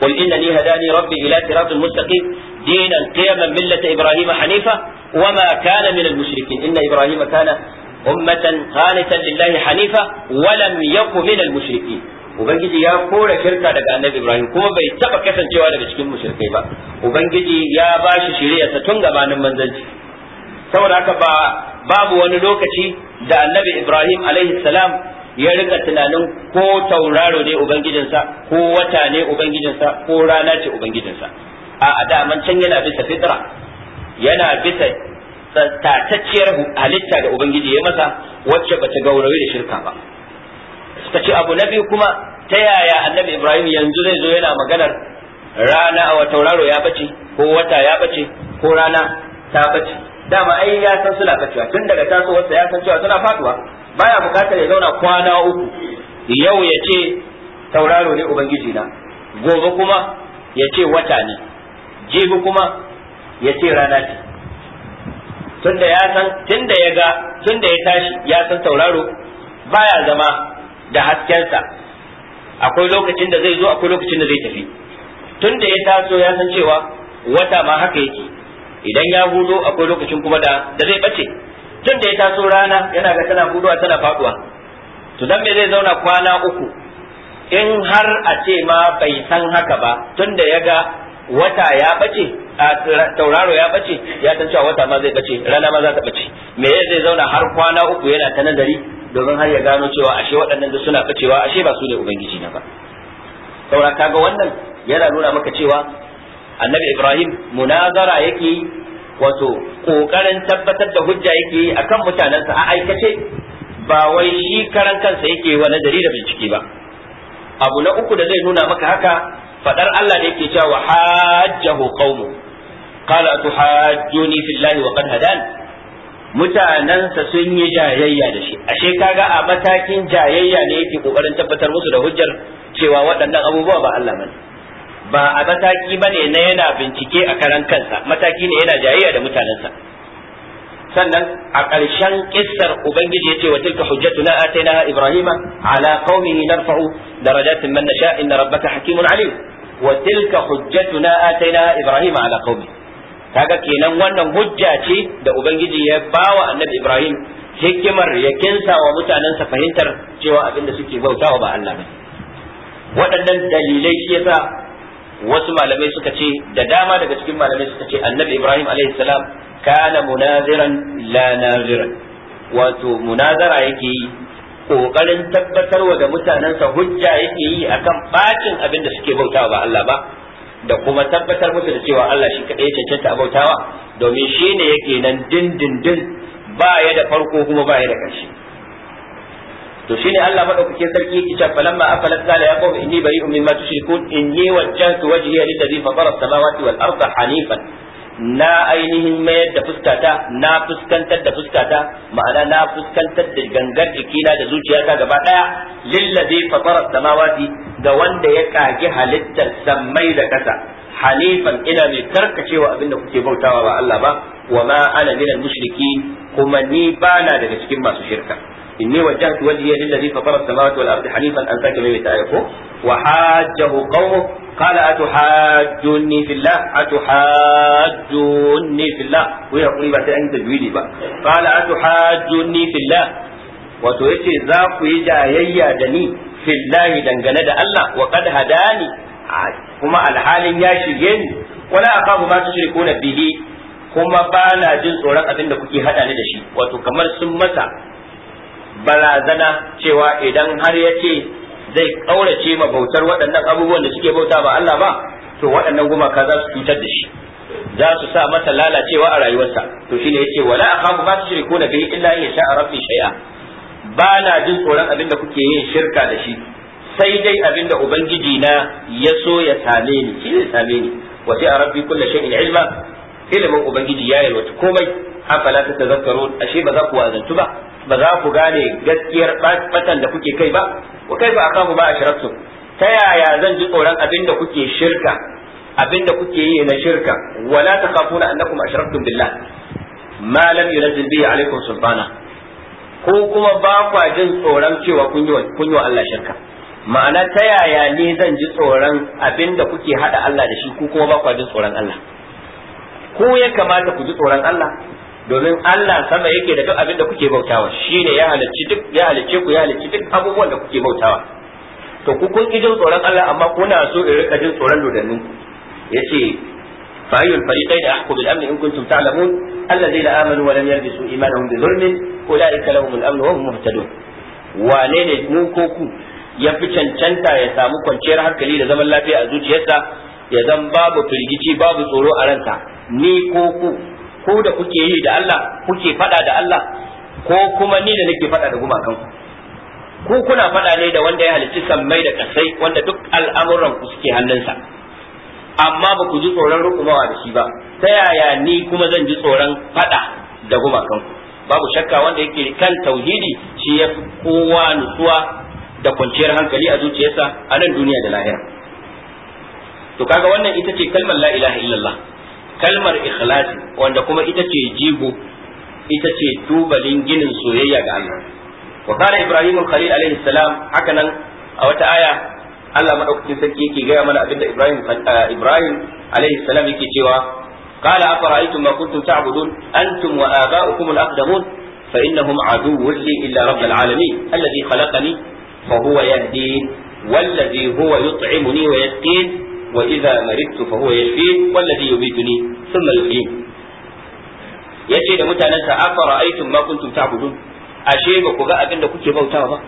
قل إنني هداني ربي إلى صراط مستقيم دينا قيما ملة إبراهيم حنيفا وما كان من المشركين إن إبراهيم كان أمة خالصا لله حنيفا ولم يك من المشركين ubangiji ya kore shirka daga annabi ibrahim kuma bai taɓa kasancewa daga cikin mushrikai ba ubangiji ya bashi shi shari'arsa tun gabanin manzanci saboda haka ba babu wani lokaci da annabi ibrahim alaihi salam ya rika tunanin ko tauraro ne ubangijinsa ko wata ne ubangijinsa ko rana ce ubangijinsa a daman can yana bisa fitra yana bisa tatacciyar halitta da ubangiji ya masa wacce ba ta gaurawi da shirka ba suka ce abu na biyu kuma ta yaya annabi ibrahim yanzu zai zo yana maganar rana a tauraro ya bace ko wata ya bace ko rana ta bace dama ai ya san suna kacewa tun daga tasowarsa ya san cewa suna faduwa baya bukatar ya zauna kwana uku yau ya ce tauraro ne ubangiji na gobe kuma ya ce wata ne jibi kuma ya ce rana ce tunda ya san tunda ya ga tunda ya tashi ya san tauraro baya zama da haskensa akwai lokacin da zai zo akwai lokacin da zai tafi tunda ya taso ya san cewa wata ma haka yake idan ya hudo akwai lokacin kuma da da zai bace tun da ya taso rana yana ga tana hudowa tana faduwa to dan me zai zauna kwana uku in har a ce ma bai san haka ba tun da ya ga wata ya bace a tauraro ya bace ya san cewa wata ma zai bace rana ma za ta bace me zai zauna har kwana uku yana ta nazari domin har ya gano cewa ashe waɗannan da suna bacewa ashe ba su ne ubangiji na ba saura kaga wannan yana nuna maka cewa annabi ibrahim munazara yake wato kokarin tabbatar da hujja yake yi akan mutanensa a aikace ba wai shi karan kansa yake wa nazari da bincike ba abu na uku da zai nuna maka haka fadar Allah da yake cewa hajjahu qaumu qala tuhajjuni fillahi wa qad hadan mutanansa sun yi jayayya da shi ashe kaga a matakin jayayya ne yake kokarin tabbatar musu da hujjar cewa waɗannan abubuwa ba Allah bane ba a mataki ba ne na yana bincike a karan kansa mataki ne yana jayayya da mutanensa sannan a ƙarshen kissar ubangiji ya ce wa tilka hujjatuna atainaha ibrahima ala qaumihi narfa'u darajatin man nasha inna rabbaka hakimun alim wa tilka hujjatuna atainaha ibrahima ala qaumi kaga kenan wannan hujja ce da ubangiji ya bawa annabi ibrahim hikimar ya kinsa wa mutanensa fahimtar cewa abinda suke bautawa ba Allah ba waɗannan dalilai shi yasa wasu malamai suka ce da dama daga cikin malamai suka ce annabi ibrahim alayhi salam kana munaziran la naziran wato munazara yake yi kokarin tabbatarwa da mutanensa hujja yake yi akan bacin abin da suke bautawa ba Allah ba da kuma tabbatar musu da cewa Allah shi kadai ya cancanta bautawa domin shine yake nan dindindin ba ya da farko kuma ba ya da karshe to shine Allah madaukakin sarki yake cewa falamma afalat qala ya qawmi inni bari'un mimma tushrikun inni wajjahtu wajhiya lilladhi fatara as-samawati wal arda hanifan na ainihin mayar da fuskata na fuskantar da fuskata ma'ana na fuskantar da gangar jikina da zuciyata gaba daya lillazi fatara samawati ga wanda ya kage halittar sammai da kasa hanifan ina mai karkacewa abinda kuke bautawa ba Allah ba wa ma ana minal mushrikin kuma ni bana daga cikin masu shirka inni wajjahtu wajhiya lillazi fatara as-samawati wal ardi hanifan an saka mai ta ayako wa hajjahu qawmu qala atuhajjunni fillah atuhajjunni fillah ko ya kuri ba sai an tajwidi ba qala atuhajjunni fillah wato yace za ku yi jayayya da ni fillahi dangane da Allah wa qad hadani kuma alhalin ya shirye ni wala akafu ma tushrikuna bihi kuma bana jin tsoron abin da kuke haɗa ni da shi wato kamar sun masa barazana cewa idan har ya ce zai ƙaurace ma bautar waɗannan abubuwan da suke bauta ba Allah ba to waɗannan gumaka za su cutar da shi za su sa masa lalacewa a rayuwarsa to shine yace wala akhafu ma na bihi illa in sha'a rabbi shay'a ba na jin tsoron abin da kuke yin shirka da shi sai dai abin da ubangiji na ya so ya same ni shi ne same ni wa sai rabbi kullu shay'in ilma ilimin ubangiji ya yi yalwata komai afala ta tazakkarun ashe ba za ku wazantu ba ba za ku gane gaskiyar batan da kuke kai ba wa kaifa akamu ba ashraftum ta yaya zan ji tsoron abin da kuke shirka abin da kuke yi na shirka wala takhafuna annakum ashraftum billah ma lam yunzil bihi alaikum sultana ko kuma ba kwa jin tsoron cewa kun yi wa Allah shirka ma'ana ta yaya ne zan ji tsoron abin da kuke hada Allah da shi ko kuma ba kwa jin tsoron Allah ko ya kamata ku ji tsoron Allah domin Allah sama yake da duk abin da kuke bautawa shine ya halicci duk ya halicce ku ya halicci duk abubuwan da kuke bautawa to ku kun jin tsoron Allah amma kuna so in rika jin tsoron dodannin ku yace fa ayyul fariqayn ahqu bil amn in kuntum ta'lamun la amanu wa lam yalbisu imanuhum bi dhulmin ulaika lahum al amn wa hum muhtadun wane ne mu ko ku ya fi cancanta ya samu kwanciyar hankali da zaman lafiya a zuciyarsa ya zan babu firgici babu tsoro a ranta ni ko ku ko da kuke yi da Allah kuke faɗa da Allah ko kuma ni da nake faɗa da gumakan ku ku kuna faɗa ne da wanda ya halicci sammai da kasai wanda duk al'amuran ku suke hannunsa amma ba ku ji tsoron rukumawa da shi ba ta yaya ni kuma zan ji tsoron faɗa da gumakan babu shakka wanda yake kan tauhidi shi ya kowa nutsuwa da kwanciyar hankali a zuciyarsa a nan duniya da lahira to kaga wannan ita ce kalmar la ilaha illallah kalmar ikhlasi wanda kuma ita ce jigo ita ce tubalin ginin soyayya ga Allah wa ibrahim khalil alaihi salam haka nan a wata aya Allah madaukakin sarki yake gaya mana abinda ibrahim ibrahim alaihi salam yake cewa qala afara'aytum ma kuntum ta'budun antum wa aba'ukum al-aqdamun fa innahum aduwwun li illa rabbil alamin alladhi khalaqani fa huwa yahdin والذي هو يطعمني ويسقين wa idza maridtu fa huwa yashfin wallazi yumituni yace da mutanen sa afara aitum ma kuntum ta'budun ashe ba ku ga abin da kuke bautawa ba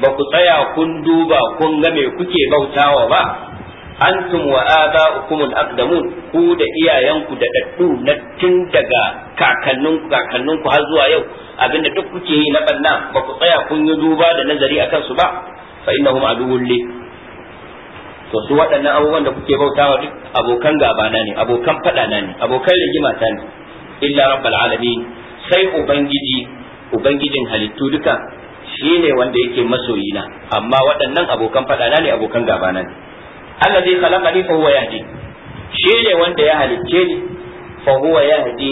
ba ku tsaya kun duba kun ga me kuke bautawa ba antum wa aba'ukum al-aqdamun ku da iyayenku da daddu na tun daga kakanninku har zuwa yau abinda duk kuke yi na banna ba ku tsaya kun yi duba da nazari akan su ba fa innahum aduwwun li to su waɗannan abubuwan da kuke bautawa duk abokan gabana ne abokan faɗana ne abokan rigima ta ne illa rabbal alamin sai ubangiji ubangijin halittu duka shine wanda yake masoyina amma waɗannan abokan faɗana ne abokan gabana ne allazi khalaqani fa huwa yahdi shine wanda ya halicce ni fa huwa yahdi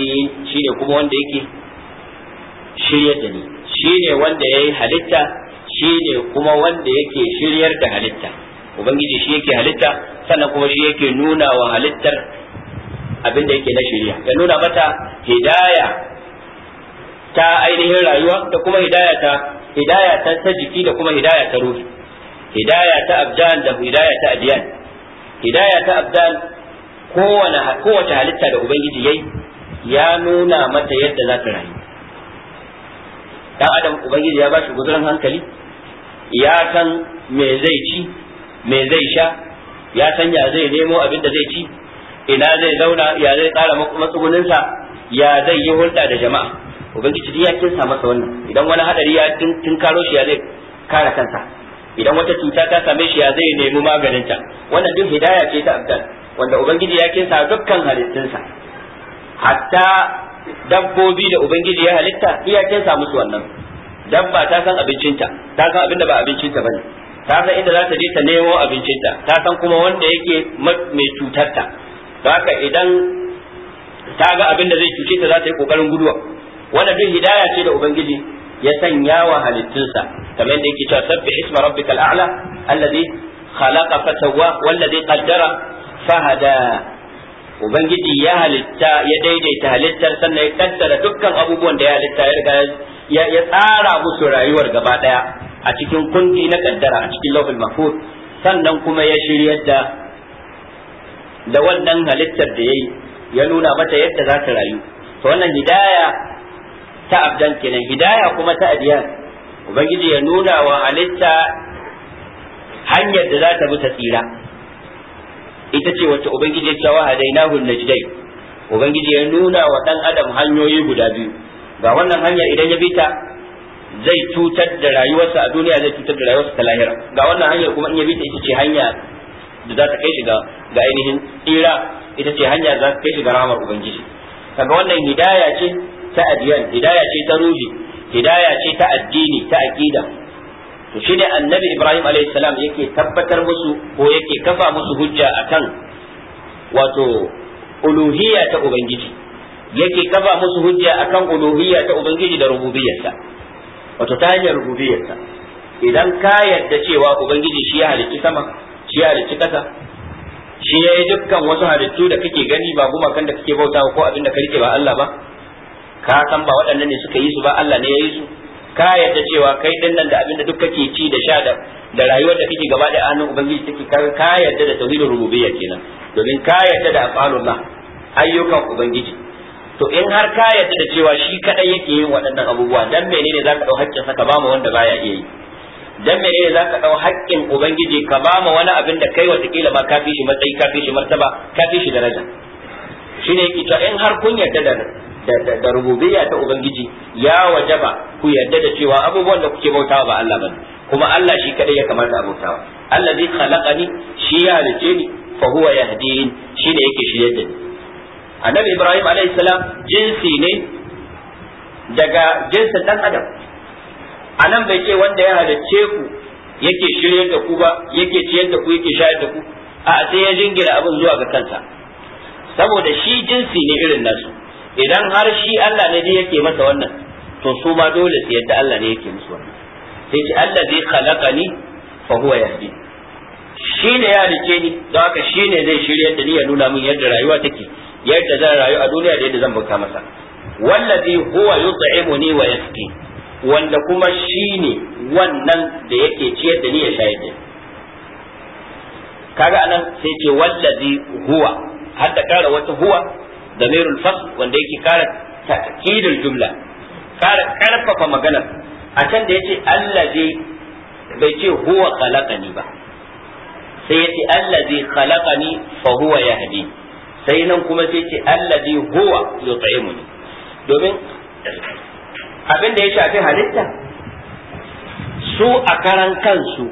shine kuma wanda yake shiryar da ni shine wanda yayi halitta shine kuma wanda yake shiryar da halitta ubangiji shi yake halitta sannan kuma shi yake nuna wa halittar abin da yake na shari'a ya nuna mata hidaya ta ainihin rayuwa da kuma hidaya ta hidaya ta ta jiki da kuma hidaya ta ruhi hidaya ta abdan da hidaya ta adiyan hidaya ta abdan kowane kowace halitta da ubangiji yayi ya nuna mata yadda za ta rayu dan adam ubangiji ya ba shi guzurin hankali ya san me zai ci me zai sha ya san ya zai nemo abin da zai ci ina zai zauna ya zai tsara matsuguninsa ya zai yi hulɗa da jama'a ubangiji duk ya kinsa masa wannan idan wani hadari ya tun karo shi ya zai kare kansa idan wata cuta ta same shi ya zai nemi maganinta wannan duk hidaya ce ta abdal wanda ubangiji ya kinsa dukkan halittunsa hatta dabbobi da ubangiji ya halitta iya sa musu wannan dabba ta san abincinta ta san abin da ba abincinta bane ta san inda za ta je ta nemo abincinta ta san kuma wanda yake mai cutarta haka idan ta ga abin da zai cuce ta za ta yi kokarin guduwa wannan duk hidaya ce da ubangiji ya sanya wa halittunsa kamar da yake cewa sabbi isma rabbikal a'la allazi khalaqa fatawwa wallazi qaddara fahada ubangiji ya halitta ya daidaita halittar sannan ya kaddara dukkan abubuwan da ya halitta ya ya tsara musu rayuwar gaba daya a cikin kundi na kaddara a cikin lauhul mahfuz sannan kuma ya shiryar da da wannan halittar da yayi ya nuna mata yadda za ta rayu to wannan hidaya ta abdan kenan hidaya kuma ta adiyan ubangiji ya nuna wa halitta hanyar da za ta bi ta tsira ita ce wacce ubangiji ya cewa hadainahu najdai ubangiji ya nuna wa dan adam hanyoyi guda biyu ga wannan hanyar idan ya bi ta zai cutar da rayuwarsa a duniya zai cutar da rayuwarsa ta lahira ga wannan hanyar kuma in ya bi ta ita ce hanya da za ta kai shi ga ainihin tsira ita ce hanya za ta kai shi ga rahamar ubangiji kaga wannan hidaya ce ta adiyan hidaya ce ta ruhi hidaya ce ta addini ta aqida to shi ne annabi ibrahim alayhi salam yake tabbatar musu ko yake kafa musu hujja akan wato uluhiyya ta ubangiji yake kafa musu hujja akan uluhiyya ta ubangiji da rububiyyarsa wato ta hanyar rububiyarsa idan ka yarda cewa ubangiji shi ya halicci sama shi ya halicci kasa shi ya yi dukkan wasu halittu da kake gani ba gumakan da kake bauta ko abin da ka rike ba Allah ba ka san ba waɗannan ne suka yi su ba Allah ne ya yi su ka yarda cewa kai din nan da abin da duk kake ci da sha da da rayuwar da kake gaba da hannun ubangiji take ka yarda da tauhidin rububiyya kenan domin ka yarda da afalullah ayyukan ubangiji to in har ka yadda da cewa shi kadai yake yin waɗannan abubuwa dan menene ka dau haƙƙin sa ka ba mu wanda baya iya yi dan menene ka dau haƙƙin ubangiji ka ba mu wani abin da kai watakila ma ka fi shi matsayi ka fi shi martaba ka fi shi daraja shine yake cewa in har kun yarda da da rububiyya ta ubangiji ya wajaba ku yarda da cewa abubuwan da kuke bautawa ba Allah bane kuma Allah shi kadai ya kamata a bautawa Allah zai khalaqani shi ya halice ni fa huwa shi shine yake shiryar da ni annabi ibrahim alaihi salam jinsi ne daga jinsin dan adam a nan bai ce wanda ya halicce ku yake shiryar da ku ba yake ciyar da ku yake shayar da ku a sai ya jingira abin zuwa ga kansa saboda shi jinsi ne irin nasu idan har shi Allah ne dai yake masa wannan to su ma dole su yadda Allah ne yake musu wannan sai ce Allah zai ni, fa huwa yahdi shi ne ya rike ni don haka shi ne zai shiryar da ni ya nuna min yadda rayuwa take yadda zan rayu a duniya da yadda zan bauta masa wallazi huwa yud'imuni wa yasqi wanda kuma shine wannan da yake ciyar da ni ya shayar da kaga anan sai ce wallazi huwa har da kara wata huwa damirul fasl wanda yake kara ta'kidul jumla kara karfafa magana a can da yace allazi bai ce huwa khalaqani ba sai yace allazi khalaqani fa huwa yahdi sai nan kuma sai ce alladhi huwa yut'imuni domin abin da ya shafi halitta su a karan kansu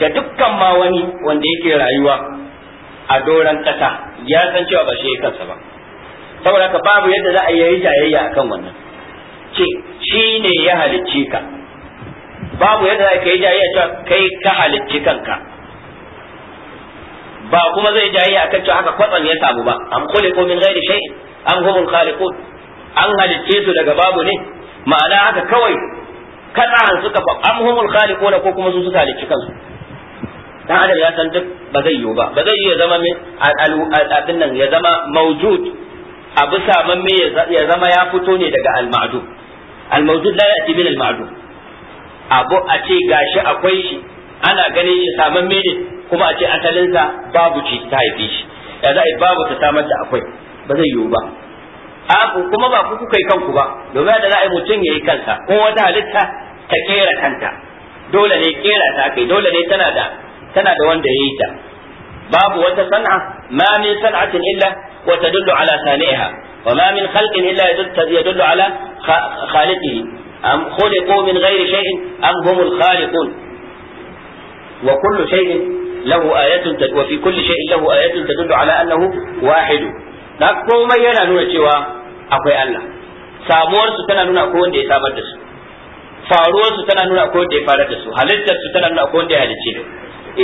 da dukkan ma wani wanda yake rayuwa a doran kasa ya san cewa ba shi ya kansa ba saboda ka babu yadda za a yi jayayya akan wannan ce shi ne ya halicci ka babu yadda za ka yi jayayya cewa kai ka halicci kanka ba kuma zai jayi a cewa haka kwatsam ya samu ba am ko min ghairi shay'in am humul khaliqun an halicce su daga babu ne ma'ana haka kawai katsahan suka fa am humul khaliquna ko kuma su suka halicci kansu dan adam ya san duk ba zai yiwu ba ba zai yi ya zama min abin nan ya zama mawjud abu saman me ya zama ya fito ne daga al-ma'dum al-mawjud la ya'ti min al-ma'dum abu a ce gashi akwai shi ana ganin shi saman me ne kuma a ce asalinsa babu ce ta haife shi ya za a babu ta samar da akwai ba zai yiwu ba a kuma ba ku kai kanku ba domin da za a yi mutum ya yi kansa ko wata halitta ta kera kanta dole ne kera ta kai dole ne tana da tana da wanda ya yi ta babu wata san'a ma min san'atin illa wa tadullu ala sani'iha wa ma min khalqin illa yadullu ala khaliqihi أم خلقوا من غير شيء أم هم الخالقون وكل شيء lahu ayatun wa fi kulli shay'in lahu ayatun tadullu ala annahu wahid da komai yana nuna cewa akwai Allah samuwar su tana nuna akwai wanda ya samar da su faruwar su tana nuna akwai wanda ya farar da su halittar su tana nuna akwai wanda ya halicce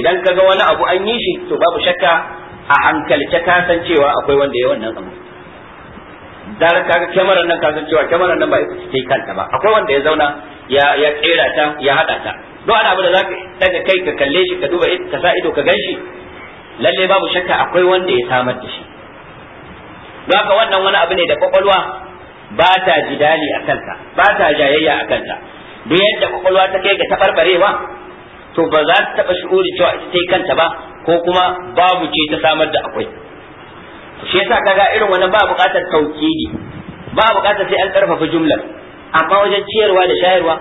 idan ka ga wani abu an yi shi to babu shakka a hankalce ka san cewa akwai wanda ya wannan abu dar kaga kyamarar nan ka san cewa kyamarar nan ba ita ce kanta ba akwai wanda ya zauna ya ya kera ta ya hada ta duk wani abu da ka daga kai ka kalle shi ka duba ka sa ido ka gan shi, lalle babu shakka akwai wanda ya samar da shi haka wannan wani abu ne da kwakwalwa ba ta jidali a kanta, ba ta jayayya a kanta, duk yadda kwakwalwa ta kai ga tabarbarewa to ba za ta taba shi'uri cewa ita ta kanta ba ko kuma babu ce ta samar da akwai shi yasa kaga irin wannan ba buƙatar taukidi ba buƙatar sai an ƙarfafa jumlar amma wajen ciyarwa da shayarwa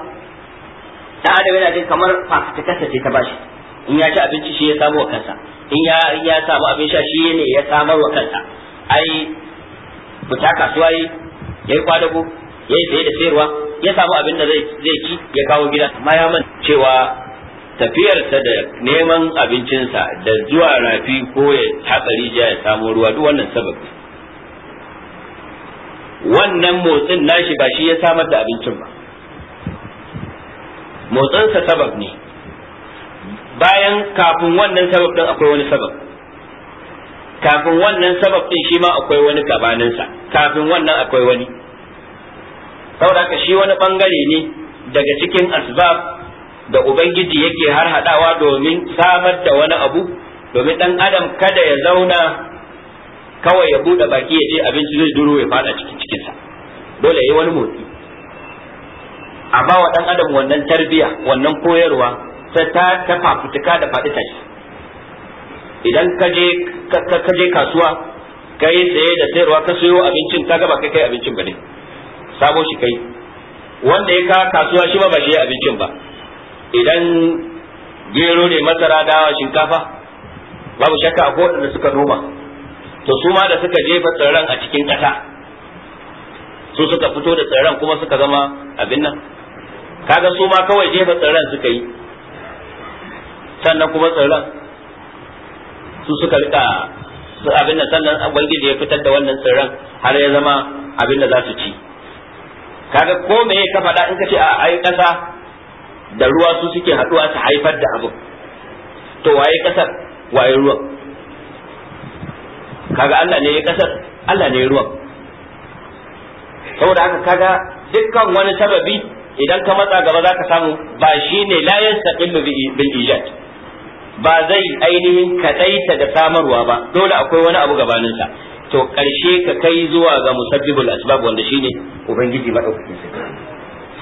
da adam yana jin kamar fafutukarsa ce ta bashi in ya ci abinci shi ya samu wa kansa in ya ya samu abin sha shi ne ya samar wa kansa ai buta kasuwa yi yayi kwadago yayi sai da sayarwa ya samu abin da zai zai ci ya kawo gida amma ya man cewa tafiyarsa da neman abincinsa da zuwa rafi ko ya haƙa ya samu ruwa duk wannan sababi wannan motsin nashi ba shi ya samar da abincin ba motsinsa sabab ne bayan kafin wannan sabab din akwai wani sabab kafin wannan sabab din shi ma akwai wani gabaninsa kafin wannan akwai wani saboda haka shi wani bangare ne daga cikin asbab da ubangiji yake har hadawa domin samar da wani abu domin dan adam kada ya zauna kawai ya bude baki ya ce abinci zai duro ya fada cikin cikinsa dole yayi wani motsi a ba wa ɗan adam wannan tarbiya wannan koyarwa ta ta fafutuka da faɗi tashi idan ka je kasuwa ka yi tsaye da sayarwa ka sayo abincin ka gaba kai kai abincin ba ne sabo shi kai wanda ya ka kasuwa shi ba ba shi abincin ba idan gero ne masara dawa shinkafa babu shakka akwai waɗanda suka noma to su ma da suka jefa tsirran a cikin ƙasa su suka fito da tsirran kuma suka zama abin nan kaga su ma kawai jefa tsirran suka yi sannan kuma tsirran su suka rika su abin da sannan ubangiji ya fitar da wannan tsirran har ya zama abin da za su ci kaga ko me ka faɗa in ka ce a ai ƙasa da ruwa su suke haɗuwa su haifar da abu to waye ƙasar waye ruwan kaga Allah ne ya ƙasar Allah ne ruwan saboda haka kaga dukkan wani sababi idan ka matsa gaba zaka samu ba shi ne la yastaqillu bil ijad ba zai ainihin kadaita da samarwa ba dole akwai wani abu gabaninsa to karshe ka kai zuwa ga musabbibul asbab wanda shi ne ubangiji madaukakin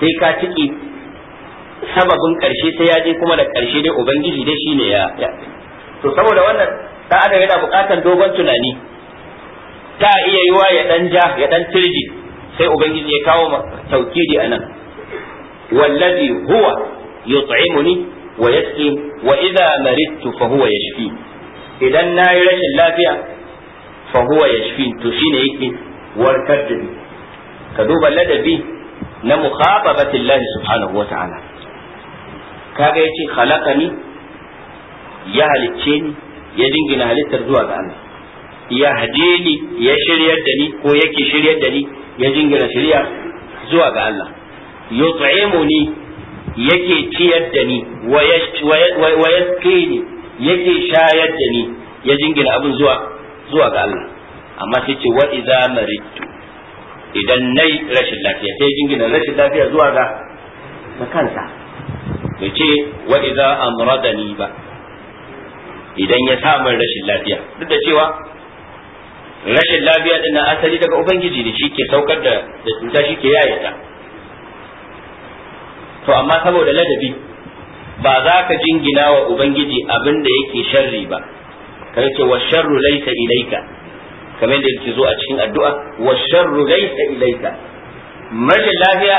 sai ka ciki sababin karshe sai ya je kuma da karshe dai ubangiji dai shine ya to saboda wannan dan adam yana bukatar dogon tunani ta iya yiwa ya dan ja ya dan tirji sai ubangiji ya kawo taukidi anan wallazi huwa yut'imuni wa yasqi wa idza maridtu fa huwa yashfi idan nayi rashin lafiya fa huwa yashfi to shine yake warkar da ni ka duba ladabi na mukhababati Allah subhanahu wa ta'ala kaga yace khalaqani ya halicce ni ya dingina halittar zuwa ga Allah ya hade ni ya shiryar da ni ko yake shiryar da ni ya jingina shirya zuwa ga Allah yut'imuni yake ciyar da ni wa yasqini yake shayar da ni ya jingina abin zuwa zuwa ga Allah amma sai ce wa idza maridtu idan nai rashin lafiya sai jingina rashin lafiya zuwa ga na kansa bai ce wa idza amradani ba idan ya samu rashin lafiya duk da cewa rashin lafiya din asali daga ubangiji ne shike saukar da da cuta shike yayata to amma saboda ladabi ba za ka jingina wa ubangiji abin da yake sharri ba ka yake wa sharru laysa ilayka kamar da yake zo a cikin addu'a wa sharru laisa ilayka rashin lafiya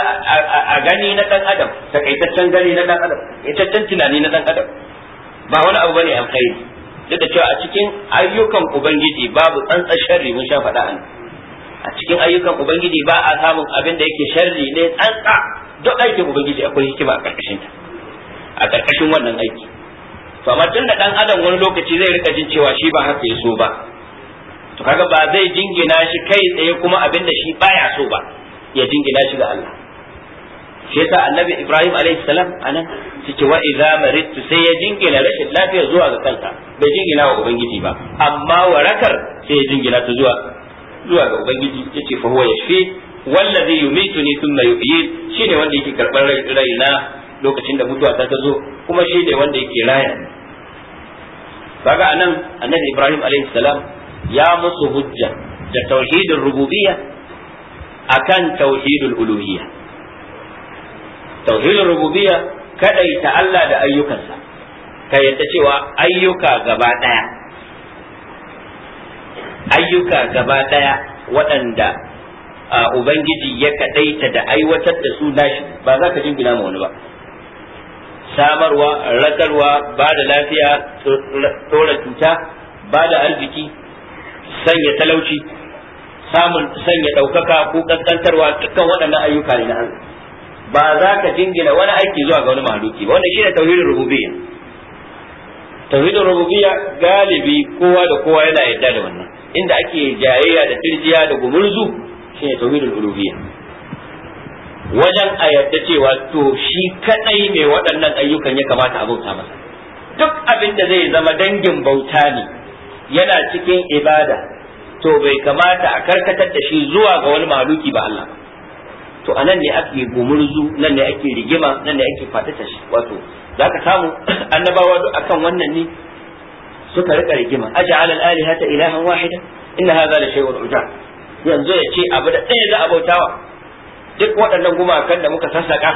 a gani na dan adam takaitaccen gani na dan adam takaitaccen tunani na dan adam ba wani abu bane alkhairi duk da cewa a cikin ayyukan ubangiji babu tsantsa sharri mun sha faɗa a cikin ayyukan ubangiji ba a samun abin da yake sharri ne tsantsa duk aikin ubangiji akwai hikima a karkashin ta a karkashin wannan aiki to amma tunda dan adam wani lokaci zai rika jin cewa shi ba haka yaso ba to kaga ba zai jingina shi kai tsaye kuma abin da shi baya so ba ya jingina shi ga Allah shi yasa annabi Ibrahim alaihi salam anan cike wa idza maridtu sai ya jingina rashin lafiya zuwa ga kanka bai jingina wa ubangiji ba amma warakar sai ya jingina ta zuwa zuwa ga ubangiji yace fa huwa yashfi wallazi yumituni thumma yuhyin shine wanda yake karbar raina lokacin da mutuwa ta zo kuma shine wanda yake raya kaga anan annabi Ibrahim alaihi salam ya musu hujja da tauhidin rububiyya akan tauhidul uluhiyya tauhidul rububiyya ta Allah da ayyukansa kai yadda cewa ayyuka gaba daya ayyuka gaba daya waɗanda A ubangiji ya kadaita da aiwatar da su nashi ba za ka jingina ma wani ba samarwa rakarwa ba da lafiya tora cuta ba da arziki sanya talauci samun sanya ɗaukaka ko ƙasƙantarwa dukkan waɗannan ayyuka ne na Allah ba za ka jingina wani aiki zuwa ga wani mahaluki ba wanda shine tauhidin rububiyya tauhidin rububiyya galibi kowa da kowa yana yarda da wannan inda ake jayayya da tirjiya da gumurzu shine tauhidul uluhiyya wajen a yarda cewa to shi kadai mai waɗannan ayyukan ya kamata a bauta masa duk abin da zai zama dangin bauta ne yana cikin ibada to bai kamata a karkatar da shi zuwa ga wani maluki ba Allah to a nan ne ake gumurzu nan ne ake rigima nan ne ake fatata shi wato za ka samu [CLEARS THROAT] annabawa duk akan wannan ne suka rika rigima aj'al al-alihata ilahan wahida inna hadha la shay'un ujab yanzu ya ce abu da ɗaya za a bautawa duk waɗannan gumakan da muka sassaƙa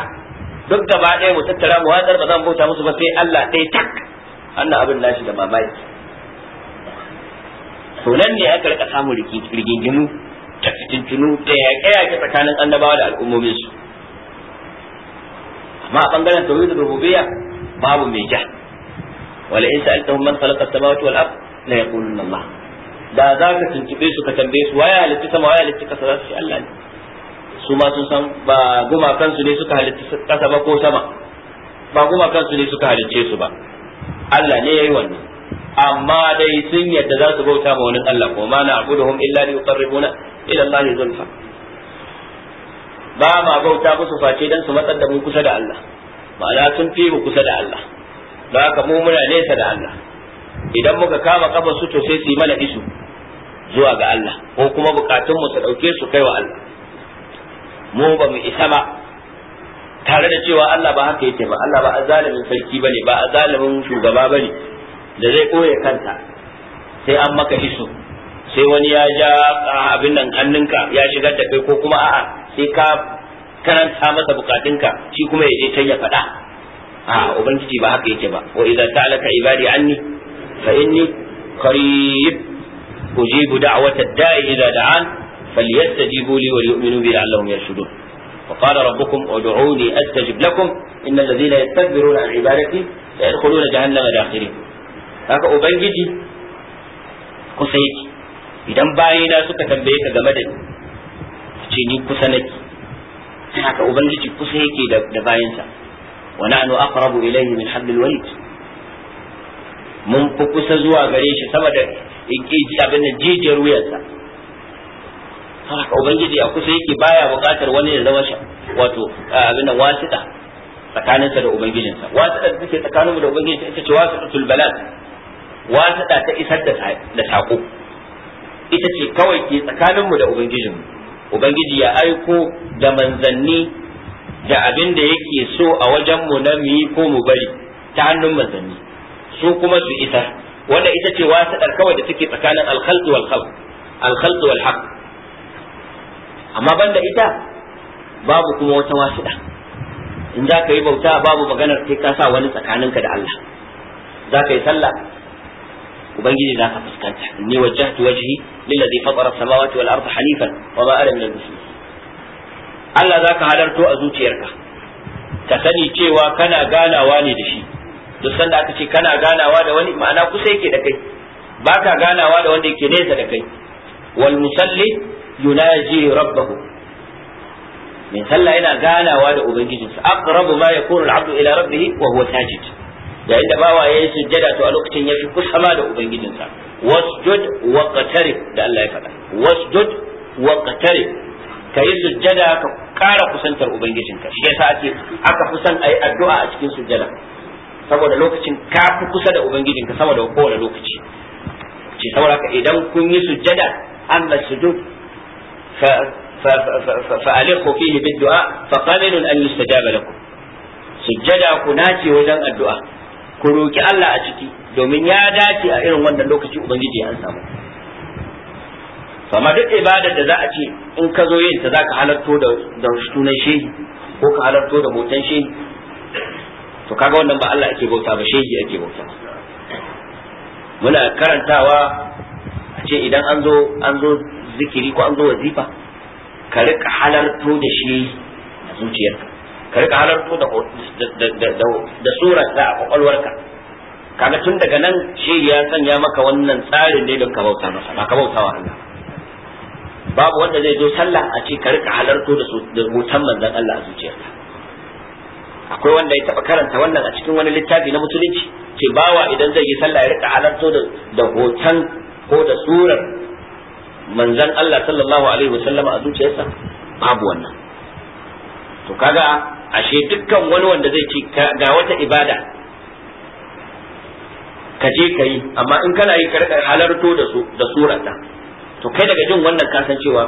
duk gaba ɗaya mu tattara mu hatsar ba za mu bauta musu ba sai Allah ɗaya tak annan abin nashi da mamaki to nan ne aka rika samun rigingimu ta fitintunu da yaƙe-yaƙe tsakanin annabawa da al'ummomin su amma a bangaren da rububiyya babu mai ja wala in sa'altahum man khalaqa as-samawati wal ard la yaquluna Allah da za ka tuntube su ka tambaye su waya halitta sama waya halitta kasa za su ce Allah ne su ma sun san ba goma kansu ne suka halitta kasa ba ko sama ba goma kansu ne suka halicce su ba Allah ne yayi wannan amma dai sun yadda za su bauta ma wani Allah ko ma na abuduhum illa li yuqarribuna ila Allah zulfa ba ma bauta musu face dan su matsar da mu kusa da Allah ma'ana sun fi mu kusa da Allah ba ka mu muna nesa da Allah idan muka kama kafar su to sai su yi mana isu zuwa ga Allah ko kuma bukatun mu su dauke su kai wa Allah mu ba mu isa ba tare da cewa Allah ba haka yake ba Allah ba azalimin sarki bane ba azalimin shugaba bane da zai koye kanta sai an maka isu sai wani ya ja abin nan hannunka ya shigar da kai ko kuma a'a sai ka karanta masa bukatunka shi kuma ya je can ya faɗa a ubangiji ba haka yake ba wa idza ta'alaka ibadi anni فإني قريب أجيب دعوة الداعي إذا دعان فليستجيبوا لي وليؤمنوا بي لعلهم يرشدون وقال ربكم ادعوني أستجب لكم إن الذين يستكبرون عن عبادتي سيدخلون جهنم داخلين هكا أبنجي كسيك إذا باينا ستكبئك جمدك تجيني كسنك هكا أبنجي كسيك دباينسا ونحن أقرب إليه من حبل الوليد mun fi kusa zuwa gare shi sama da abin da jijiyar wuyansa haka ubangiji a kusa yake baya buƙatar wani ya zama wato abin da wasita tsakaninsa da ubangijinsa wasita da take tsakaninmu da ubangijinsa ita ce wasitatul balad wasita ta isar da saƙo. ita ce kawai ke tsakaninmu da ubangijinmu ubangiji ya aiko da manzanni da abin da yake so a wajenmu na mu yi ko mu bari ta hannun manzanni su kuma su isar wanda ita ce wasaɗar kawai da take tsakanin alkhalqi wal khalq alkhalqi wal haqq amma banda ita babu kuma wata wasiɗa in za ka yi bauta babu maganar sai ka sa wani tsakaninka da Allah za ka yi sallah ubangiji za ka fuskanta inni wajjahtu wajhi lillazi fatara samawati wal arda hanifan wa ma ana minal muslimin Allah za ka halarto a zuciyarka ka sani cewa kana ganawa ne da shi duk sanda aka ce kana ganawa da wani ma'ana kusa yake da kai baka ganawa da wanda yake nesa da kai wal musalli yunaji rabbahu min sallah yana ganawa da ubangijinsa aqrabu ma yakunu al-abdu ila rabbihi wa huwa sajid yayin da bawa yayin sujjada to a lokacin yafi kusa ma da ubangijinsa wasjud waqtarib da Allah ya faɗa wasjud waqtarib kayi sujjada ka ƙara kusantar ubangijinka shi yasa ake aka fi son ayi addu'a a cikin sujjada saboda lokacin ka fi kusa da ubangijinka sama da kowane lokaci ce saboda ka idan kun yi sujjada amma sujud فألقوا فيه da ku أن ku nace wajen addu'a, ku roƙi Allah a ciki domin ya dace a irin wannan lokaci ubangiji ya samu amma duk ibadar da za a ce in ka zo yin ta ka halarto da sunan shehi ko ka halarto da hoton shehi to kaga wannan ba Allah ake bauta ba shehi ake bauta muna karantawa a ce idan an zo an zo zikiri ko an zo wazifa ka rika halarto da shi a zuciyarka ka rika halarto da da surar da a kwakwalwarka kaga tun daga nan shehi ya sanya maka wannan tsarin ne don ka bauta masa ba ka bauta wa Allah babu wanda zai zo sallah a ce ka rika halarto da hoton manzon Allah a zuciyarka akwai wanda ya taba karanta wannan a cikin wani littafi na musulunci ce bawa idan zai yi sallah ya rika halarto da hoton ko da surar manzon Allah sallallahu alaihi wasallama a zuciyarsa babu wannan to kaga ashe dukkan wani wanda zai ci ga wata ibada ka je ka amma in kana yi ka halarto da su surata to kai daga jin wannan kasan cewa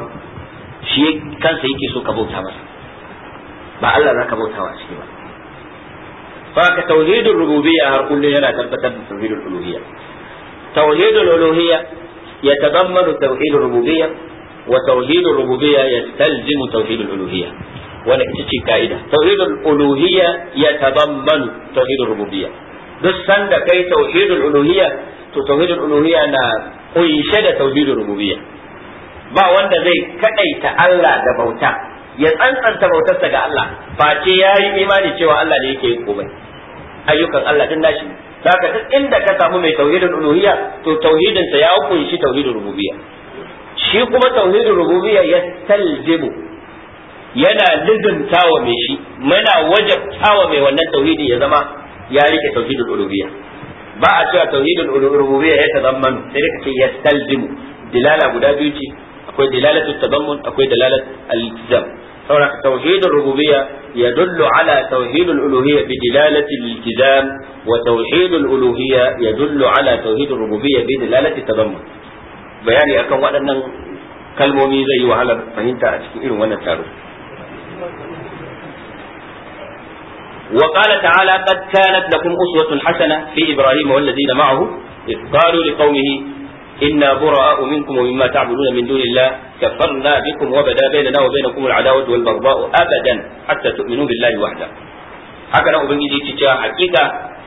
shi kansa yake so ka bauta masa ba Allah za ka bautawa ciki ba fa ka tauhidul rububiyya har kullun yana tabbatar da tauhidul uluhiyya tauhidul uluhiyya yatadammanu tauhidul rububiyya wa tauhidul rububiyya yastalzimu tauhidul uluhiyya wannan ita ce ka'ida tauhidul uluhiyya yatadammanu tauhidul rububiyya duk sanda kai tauhidul uluhiyya to na kunshe da tauhidul rububiyya ba wanda zai kadaita Allah da bauta ya tsantsanta bautarsa ga Allah face ya yi imani cewa Allah ne yake yin komai ayyukan Allah din nashi saka duk inda ka samu mai tauhidin uluhiyya to tauhidin sa ya kunshi tauhidin rububiyya shi kuma tauhidin rububiyya yastaljibu yana tawa mai shi mana tawa mai wannan tauhidi ya zama ya rike tauhidin uluhiyya ba a cewa tauhidin rububiyya ya tazammanu sai ka ce yastaljibu dilala guda biyu ce akwai dilalatu tadammun akwai dilalatu al هناك توحيد الربوبية يدل على توحيد الألوهية بدلالة الالتزام وتوحيد الألوهية يدل على توحيد الربوبية بدلالة التضمن بيان أكم وأن كلمة ميزة وعلى فهنت أشكئل وانا تارو وقال تعالى قد كانت لكم أسوة حسنة في إبراهيم والذين معه إذ قالوا لقومه إنا براء منكم ومما تعبدون من دون الله كفرنا بكم وبدا بيننا وبينكم العداوة والبغضاء أبدا حتى تؤمنوا بالله وحده هكذا أبنجي تجاه حقيقة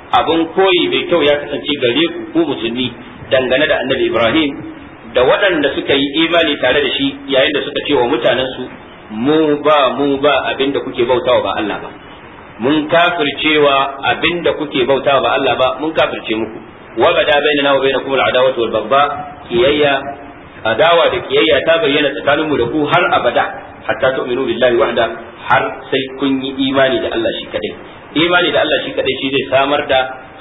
abun koyi mai kyau ya kasance gare ku ku musulmi dangane da annabi Ibrahim da waɗanda suka yi imani tare da shi yayin da suka ce wa mutanensu mu ba mu ba abin da kuke bautawa ba Allah ba mun kafircewa abin da kuke bautawa ba Allah ba mun kafirce muku wa bada bainana wa bainakum al'adawatu wal baghdha kiyayya adawa da kiyayya ta bayyana tsakaninmu da ku har abada hatta tu'minu billahi wahda har sai kun yi imani da Allah shi kadai imani da Allah shi kadai shi zai samar da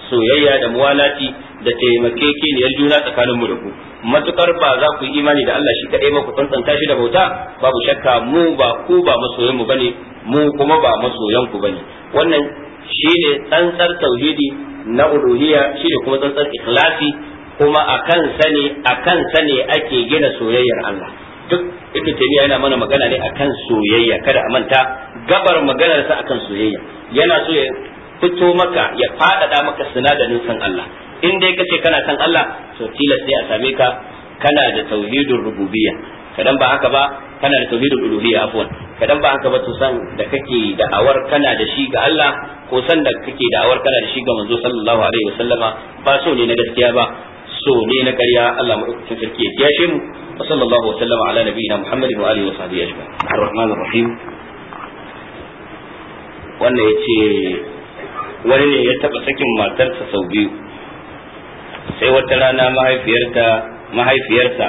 soyayya da muwalati da taimakekeniyar juna tsakaninmu da ku matukar ba za ku yi imani da Allah shi kadai ba ku tsantsanta shi da bauta babu shakka mu ba ku ba masoyanmu bane mu kuma ba masoyanku bane wannan shine tsantsar tauhidi na uluhiyya shine kuma tsantsar ikhlasi kuma akan sane akan sane ake gina soyayyar Allah duk ibnu taymiya yana mana magana ne akan soyayya kada a manta gabar maganar sa akan soyayya yana so ya fito maka ya fadada maka sinadarin san Allah in dai kace kana san Allah to tilas sai a same ka kana da tauhidur rububiyya kadan ba haka ba kana da tauhidul uluhiyya afwan kadan ba haka ba to san da kake da'awar kana da shi ga Allah ko san da kake da'awar kana da shi ga manzo sallallahu alaihi wasallama ba so ne na gaskiya ba so ne na ƙarya Allah madaukakin sarki ya kiyashe mu wa sallallahu wasallama ala nabiyina muhammadin wa alihi wa sahbihi ajma'in ar rahim wannan yace wani ne ya taba sakin matarsa sau biyu sai wata rana mahaifiyarta mahaifiyarsa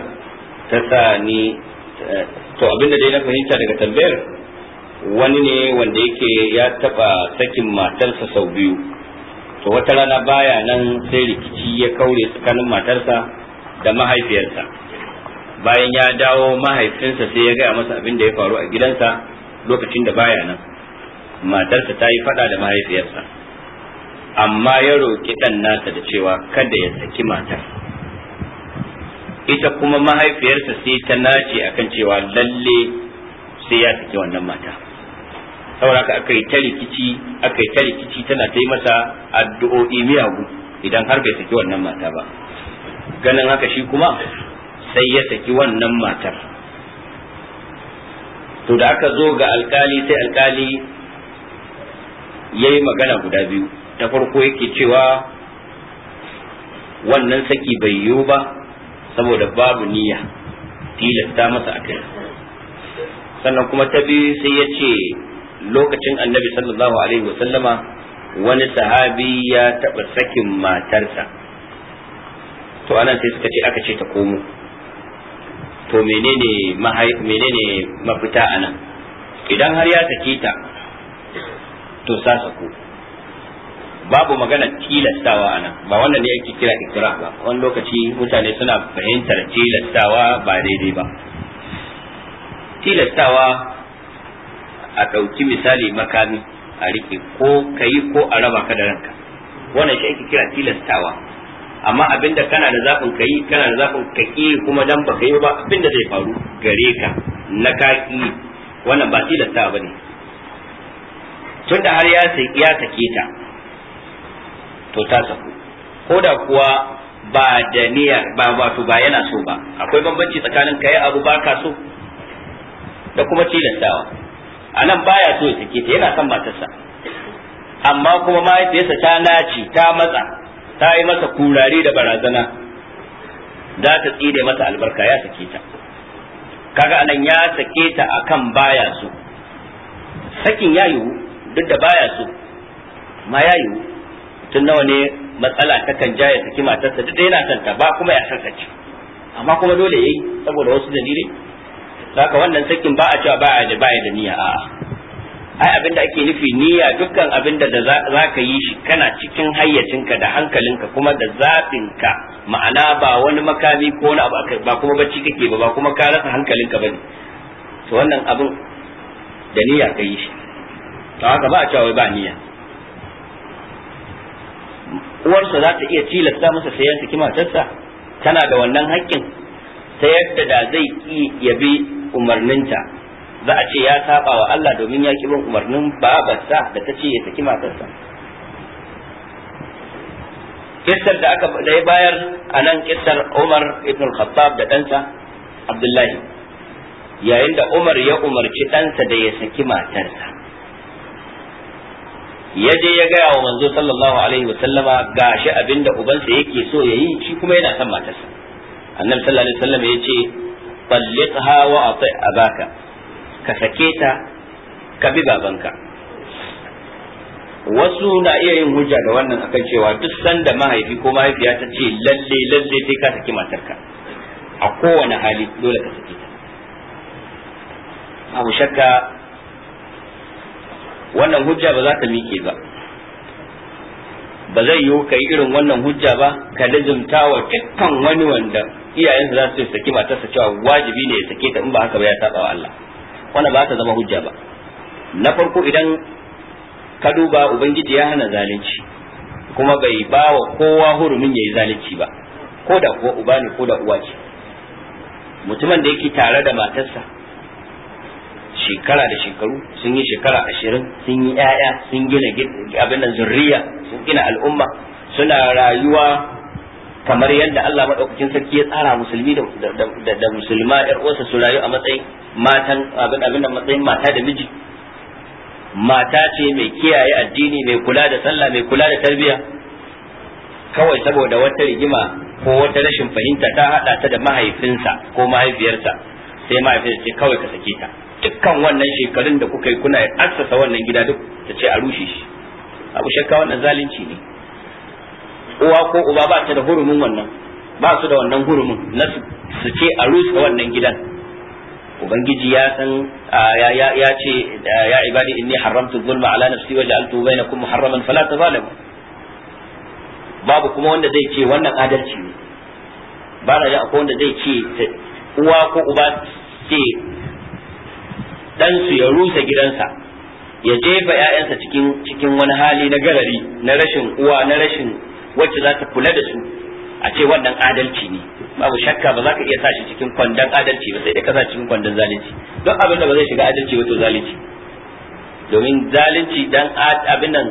ta sa ni to abin da dai na fahimta daga tambayar wani ne wanda yake ya taba sakin matarsa sau biyu to wata rana baya nan sai rikici ya kaure tsakanin matarsa da mahaifiyarsa bayan ya dawo mahaifinsa sai ya gaya masa abin da ya faru a gidansa lokacin da baya nan matarsa ta yi fada da mahaifiyarsa amma ya roƙi ɗan nasa da cewa kada ya saki matar ita kuma mahaifiyarsa sai ta nace akan cewa lalle sai ya saki wannan mata saboda haka aka yi ta rikici aka yi ta rikici tana ta yi masa addu'o'i miyagu idan har bai saki wannan mata ba ganin haka shi kuma sai ya saki wannan matar to da aka zo ga alkali sai alkali ya yi magana guda biyu ta farko yake cewa wannan saki bai yiwu ba saboda babu niyya tilasta masa a kai sannan kuma ta biyu sai ya ce lokacin annabi sallallahu alaihi wasallama wani sahabi ya taɓa sakin matarsa to anan sai suka ce aka ce ta komo to menene menene mafita anan idan har ya sake ta to sa sako babu magana tilastawa a nan. ba wannan ne yake kira ikra ba wani lokaci mutane suna fahimtar tilastawa ba daidai ba tilastawa a ɗauki misali makami a rike ko kayi ko a raba ka da ranka wannan shi ake kira tilastawa amma abinda kana da zafin kayi kana da zafin ka kaki kuma dan ba yi, ba abinda zai faru gare ka na kaki wannan ba tilastawa bane tunda har ya ya take ta to ta saku ko da kuwa ba da niyyar ba wato ba yana so ba akwai bambanci tsakanin ka yi abu ba ka so da kuma tilastawa a nan baya so ya sake ta yana son matarsa amma kuma mahaifiyarsa ta naci ta matsa ta yi masa kurare da barazana za ta tsire masa albarka ya sake ta kaga anan ya sake ta akan baya so sakin ya yiwu duk da baya so ma ya yiwu tun nawa ne matsala ta kan ja ya saki matarsa duk yana son ta ba kuma ya san ta amma kuma dole yayi saboda wasu dalilai saka wannan sakin ba a cewa ba a da ba da niyya a'a ai abin da ake nufi niyya dukkan abin da za ka yi shi kana cikin hayyacinka da hankalinka kuma da zaɓinka ma'ana ba wani makami ko wani abu ba kuma bacci kake ba ba kuma ka rasa hankalinka bane to wannan abin da niyya ka yi shi to haka ba a cewa ba niyya uwarsa za ta iya tilasta masa sayan ya saki matarsa tana da wannan haƙƙin ta yadda da zai ki ya bi umarninta za a ce ya saba wa Allah domin ya ki bin umarnin babarsa da ta ce ya saki matarsa kissar da aka da ya bayar a nan kissar Umar ibn al Khattab da ɗansa Abdullahi yayin da Umar ya umarci ɗansa da ya saki matarsa ya je ya gaya wa manzo sallallahu alaihi wa sallama gashi abinda ubansa yake so yayi shi kuma yana son matarsa annabi sallallahu alaihi wasallam ya ce talliqha wa ati abaka ka sake ta ka bi babanka wasu na iya yin hujja da wannan akan cewa duk sanda mahaifi ko mahaifiya ta ce lalle lalle sai ka saki matarka a kowane hali dole ka saki ta abu shakka wannan hujja ba za ta miƙe ba ba zai yiwu ka yi irin wannan hujja ba ka lazumta wa dukkan wani wanda iyayensa za su saki matarsa cewa wajibi ne ya sake ta in ba haka ba ya taba wa Allah wannan ba ta zama hujja ba na farko idan ka duba ubangiji ya hana zalunci kuma bai ba wa kowa hurumin ya yi zalunci ba ko da kuwa uba ne ko da uwa ce mutumin da yake tare da matarsa shekara da shekaru sun yi shekara ashirin sun yi ƴaƴa sun gina abin da zurriya sun gina al'umma suna rayuwa kamar yadda Allah madaukakin sarki ya tsara musulmi da da musulma ƴar uwarsa su rayu a matsayin matan abin abin matsayin mata da miji mata ce mai kiyaye addini mai kula da sallah mai kula da tarbiyya kawai saboda wata rigima ko wata rashin fahimta ta haɗa ta da mahaifinsa ko mahaifiyarsa sai mahaifinsa ce kawai ka sake ta dukkan wannan shekarun da kuka yi kuna assasa wannan gida duk ta ce a rushe shi abu shakka wannan zalunci ne uwa ko uba ba ta da hurumin wannan ba su da wannan hurumin na su ce a rusa wannan gidan ubangiji ya san ya ce ya ibadi inni haramtu zulma ala nafsi wa ja'altu bainakum muharraman fala tazalimu babu kuma wanda zai ce wannan adalci ne ba ya akwai wanda zai ce uwa ko uba ce ɗansu ya rusa gidansa ya jefa 'ya'yansa cikin cikin wani hali na garari na rashin uwa na rashin wacce za ta kula da su a ce wannan adalci ne babu shakka ba za ka iya sa shi cikin kwandon adalci ba sai da ka sa cikin kwandon zalunci don abin da ba zai shiga adalci ba to zalunci domin zalunci dan abin nan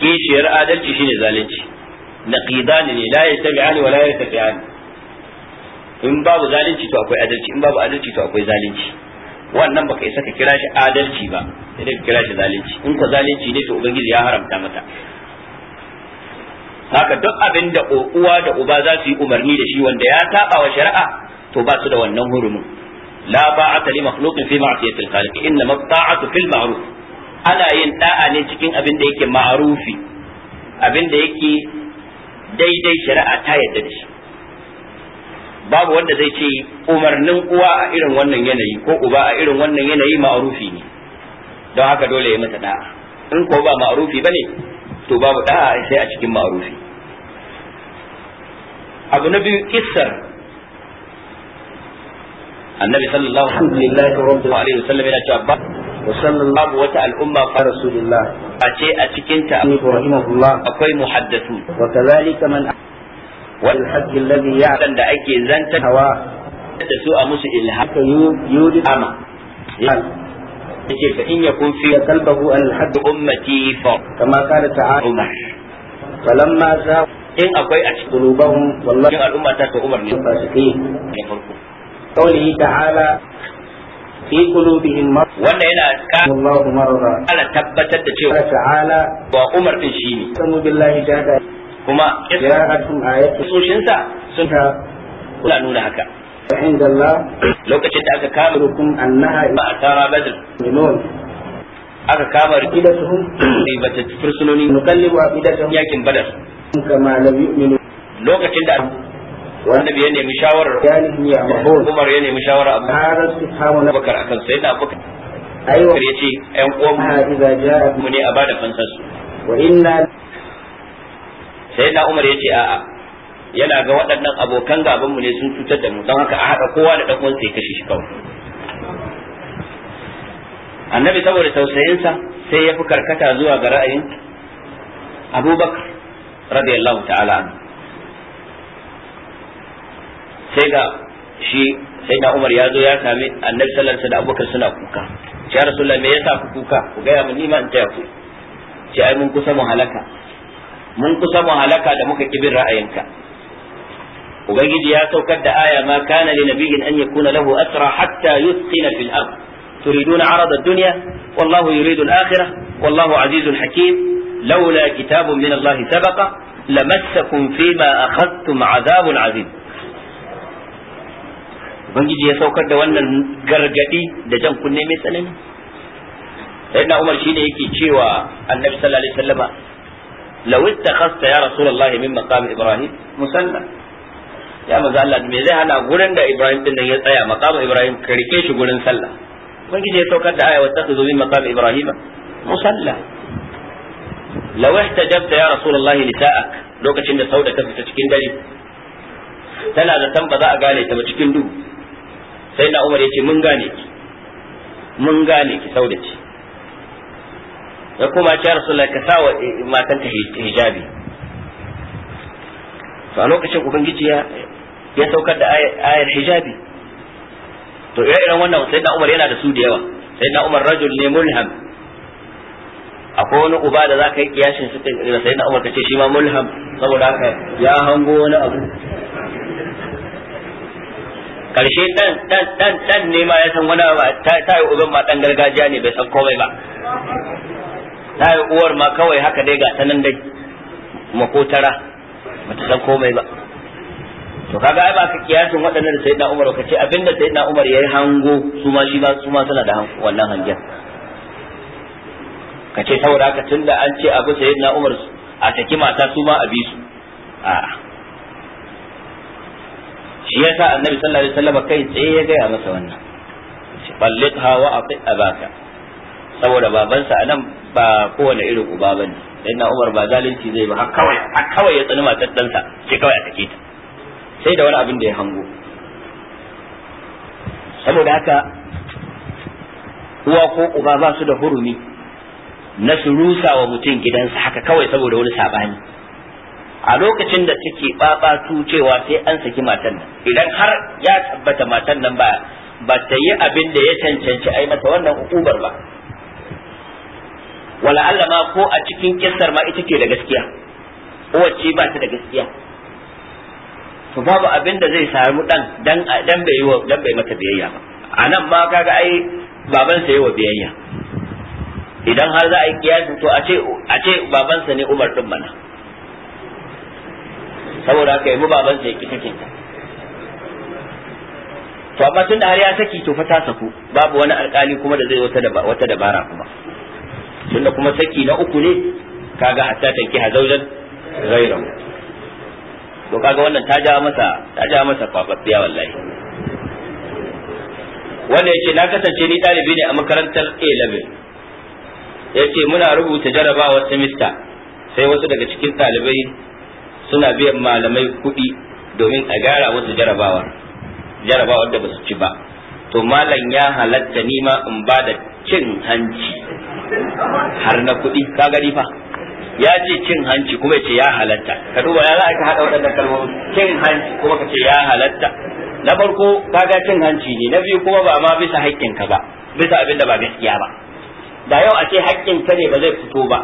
kishiyar adalci shine zalunci naqidani ne la wala wa la ani in babu zalunci to akwai adalci in babu adalci to akwai zalunci wannan baka isa ka kira shi adalci ba sai dai ka kira shi zalunci in ka zalunci ne to ubangiji ya haramta mata haka duk abin da uwa da uba za su yi umarni da shi wanda ya saba wa shari'a to ba su da wannan hurumin la ba'ata li makhluqin fi ma'siyati al-khaliq inna mata'atu fil ma'ruf ana yin da'a ne cikin abin da yake ma'rufi abin da yake daidai shari'a ta yadda da shi babu wanda zai ce umarnin uwa a irin wannan yanayi ko uba a irin wannan yanayi ma'arufi ne don haka dole ya masa da'a in ko ba ma'arufi ba ne to babu da'a sai a cikin ma'arufi abu na biyu kissar annabi sallallahu alaihi wasallam yana cewa ba wasallam babu wata al'umma fa rasulullah a ce a cikin ta akwai muhaddathun wa kadhalika man wal haqqi alladhi ya'lam da ake zanta hawa da su a musu ilhaka yuri ama yake fa in yakun fi qalbihi al hadd ummati fa kama kana ta'ala umar falamma za in akwai a cikin rubahum wallahi al'umma ta umar ne fasiki ne farko qawli ta'ala fi qulubihim wanda yana ka tabbatar da wa umar kuma kisoshinsa sun kula nuna haka عند الله lokacin da aka kama rukun annaha ba a tara aka kama rikidatuhum ribata fursunoni nukallibu aqidatahum yakin badar kama lam yu'minu lokacin da wanda bai shawarar Umar ya nemi shawarar Abu Bakar akan sayyidina Abu Bakar ayyuka ƴan uwan mu ne a bada fansar sai na umar ya ce a'a yana ga waɗannan abokan gabanmu ne sun cutar da mu don haka a haɗa kowa da ɗan uwansa ya kashe shi kawai annabi saboda tausayinsa sai ya fi karkata zuwa ga ra'ayin abubakar radiyallahu ta'ala anhu sai ga shi sai na umar ya zo ya sami annabi sallallahu da abubakar suna kuka ya rasulullah me yasa ku kuka ku gaya mun nima in taya ku ce ai mun kusa mu halaka mun kusa mu halaka da muka kibin ra'ayinka ubangiji ya saukar da aya ma kana li nabiyyin an yakuna lahu asra hatta yuthqina fil ard turiduna arada ad-dunya wallahu yuridu al-akhirah wallahu azizun hakim laula kitabun min Allah sabaqa lamassakum fima akhadhtum azabun azim ubangiji ya saukar da wannan gargadi da jan kunne mai tsanani sayyidina Umar shine yake cewa Annabi sallallahu alaihi wasallama law ittakhasta ya rasulullahi min maqam ibrahim musalla ya maza Allah me zai hana gurin da ibrahim din nan ya tsaya maqam ibrahim ka rike shi gurin sallah kun kije saukar da aya wattakhidhu min maqam ibrahim musalla law ihtajabta ya rasulullahi lisa'ak lokacin da sauda ta fita cikin dare tana da tamba za a gane ta ba cikin duhu sai na umar ya ce mun gane ki mun gane ki sauda ya kuma ya rasulullah ka sa wa matan ta hijabi a lokacin ubangiji ya ya saukar da ayar hijabi to ya irin wannan sai umar yana da su da yawa sai umar rajul ne mulham akwai wani uba da za ka yi kiyashin su da sai umar ka ce shi ma mulham saboda haka ya hango wani abu karshe dan dan dan dan ne ma ya san wani ba ta yi uban ma dan gargajiya ne bai san komai ba ta yi uwar ma kawai haka dai ga ta nan dai makotara ba ta san komai ba to kaga ai ba ka kiyasin waɗannan da sayyidina Umar ka ce abinda sayyidina Umar yayi hango su ma shi ba su ma suna da wannan hangen ka ce saboda haka tunda an ce abu sayyidina Umar a saki mata su ma a bi su a shi yasa annabi sallallahu alaihi wasallam kai tsaye ya gaya masa wannan balliqha wa ati abaka saboda babansa a nan ba kowane irin uba ba ne sai na umar ba zalunci zai ba har kawai ya tsani matar ɗansa sai kawai a kake ta sai da wani abin da ya hango saboda haka uwa ko uba ba su da hurumi na su rusa wa mutum gidansa haka kawai saboda wani sabani a lokacin da take babatu cewa sai an saki matan nan idan har ya tabbata matan nan ba ba ta yi abin da ya cancanci ai mata wannan hukumar ba wala Allah ma ko a cikin kissar ma ita ke da gaskiya wacce ba ta da gaskiya to babu abin da zai samu dan dan dan bai dan bai mata biyayya ba anan ma kaga ai baban sa wa biyayya idan har za a yi kiyasi to a ce a ce baban sa ne Umar din mana saboda kai mu baban sa ya kitakin to amma tun da har ya saki to fa ta saku babu wani alƙali kuma da zai wata wata dabara kuma tunda kuma saki na uku ne kaga hatta tanki hazaujan ghayrahu to kaga wannan ta ja masa ta ja masa kwafaffiya wallahi wanda yace na kasance ni dalibi ne a makarantar A11 yace muna rubuta jarabawar semester sai wasu daga cikin ɗalibai suna biyan malamai kuɗi domin a gyara wasu jarabawar jarabawar da basu ci ba to malam ya halatta nima in ba da cin hanci har na kuɗi ka gani fa ya ce cin hanci kuma ya ce ya halatta ka duba ya za ka haɗa waɗannan kalmomi cin hanci kuma ka ce ya halatta na farko ga cin hanci ne na biyu kuma ba ma bisa haƙƙin ka ba bisa abin da ba gaskiya ba da yau a ce haƙƙin ka ne ba zai fito ba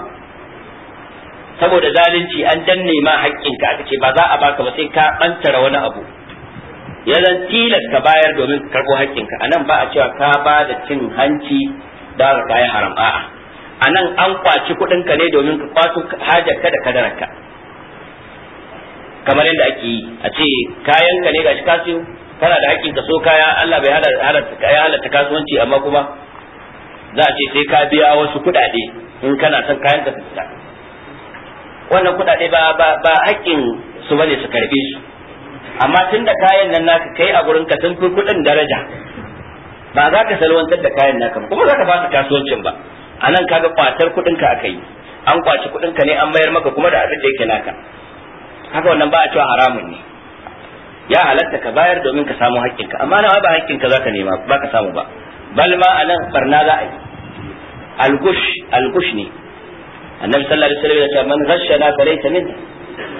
saboda zalunci an danne ma haƙƙin ka aka ce ba za a baka ba sai ka ɓantara wani abu ya zan tilas ka bayar domin karɓo haƙƙin ka nan ba a cewa ka ba da cin hanci da ka kayan haram a'a a nan an kwaci kuɗinka ne domin ka haja hajarka da kadararka kamar yadda ake yi a ce kayan ka ne gashi shi siyo kana da hakkin ka so kaya Allah bai halatta kasuwanci amma kuma za a ce sai ka biya wasu kuɗaɗe in kana son kayan ka fita wannan kuɗaɗe ba ba hakkin su bane su karbe su amma tunda kayan nan naka kai a gurin ka sun fi kuɗin daraja ba za ka salwantar da kayan naka ba kuma za ka ba su kasuwancin ba a nan kaga kwatar kuɗinka aka yi an kwaci kuɗinka ne an mayar maka kuma da abin da yake naka haka wannan ba a cewa haramun ne ya halatta ka bayar domin ka samu haƙƙinka amma na ba haƙƙinka za ka nema ba ka samu ba bal ma a nan barna za a yi algush algush ne annabi sallallahu alaihi wasallam ya ce man na falaysa min.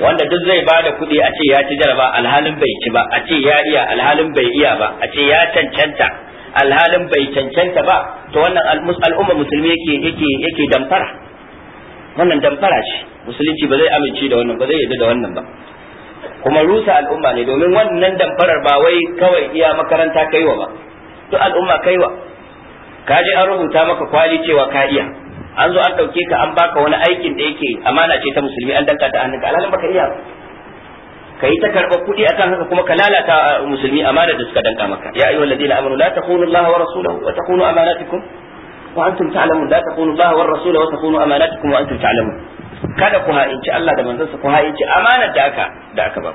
wanda duk zai ba da kuɗi a ce ya ci jaraba alhalin bai ci ba a ce ya iya alhalin bai iya ba a ce ya cancanta alhalin bai cancanta ba to wannan al'umma musulmi yake yake yake damfara wannan damfara ce musulunci ba zai amince da wannan ba zai yarda da wannan ba kuma rusa al'umma ne domin wannan damfarar ba wai kawai iya makaranta kaiwa ba To al'umma kaiwa ka je an rubuta maka kwali cewa ka iya an zo an ɗauke ka an baka wani aikin da yake amana ce ta musulmi an danka ta hannunka alhalin baka iya ba ka yi ta karɓar kuɗi akan haka kuma ka lalata musulmi amana da suka danka maka ya ayyuhal ladina amanu la takunu allaha wa rasulahu wa takunu amanatikum wa antum ta'lamun la takunu allaha wa rasulahu wa takunu amanatikum wa antum ta'lamun kada ku ha'inci Allah da manzansa ku ha'inci amanar da aka da aka ba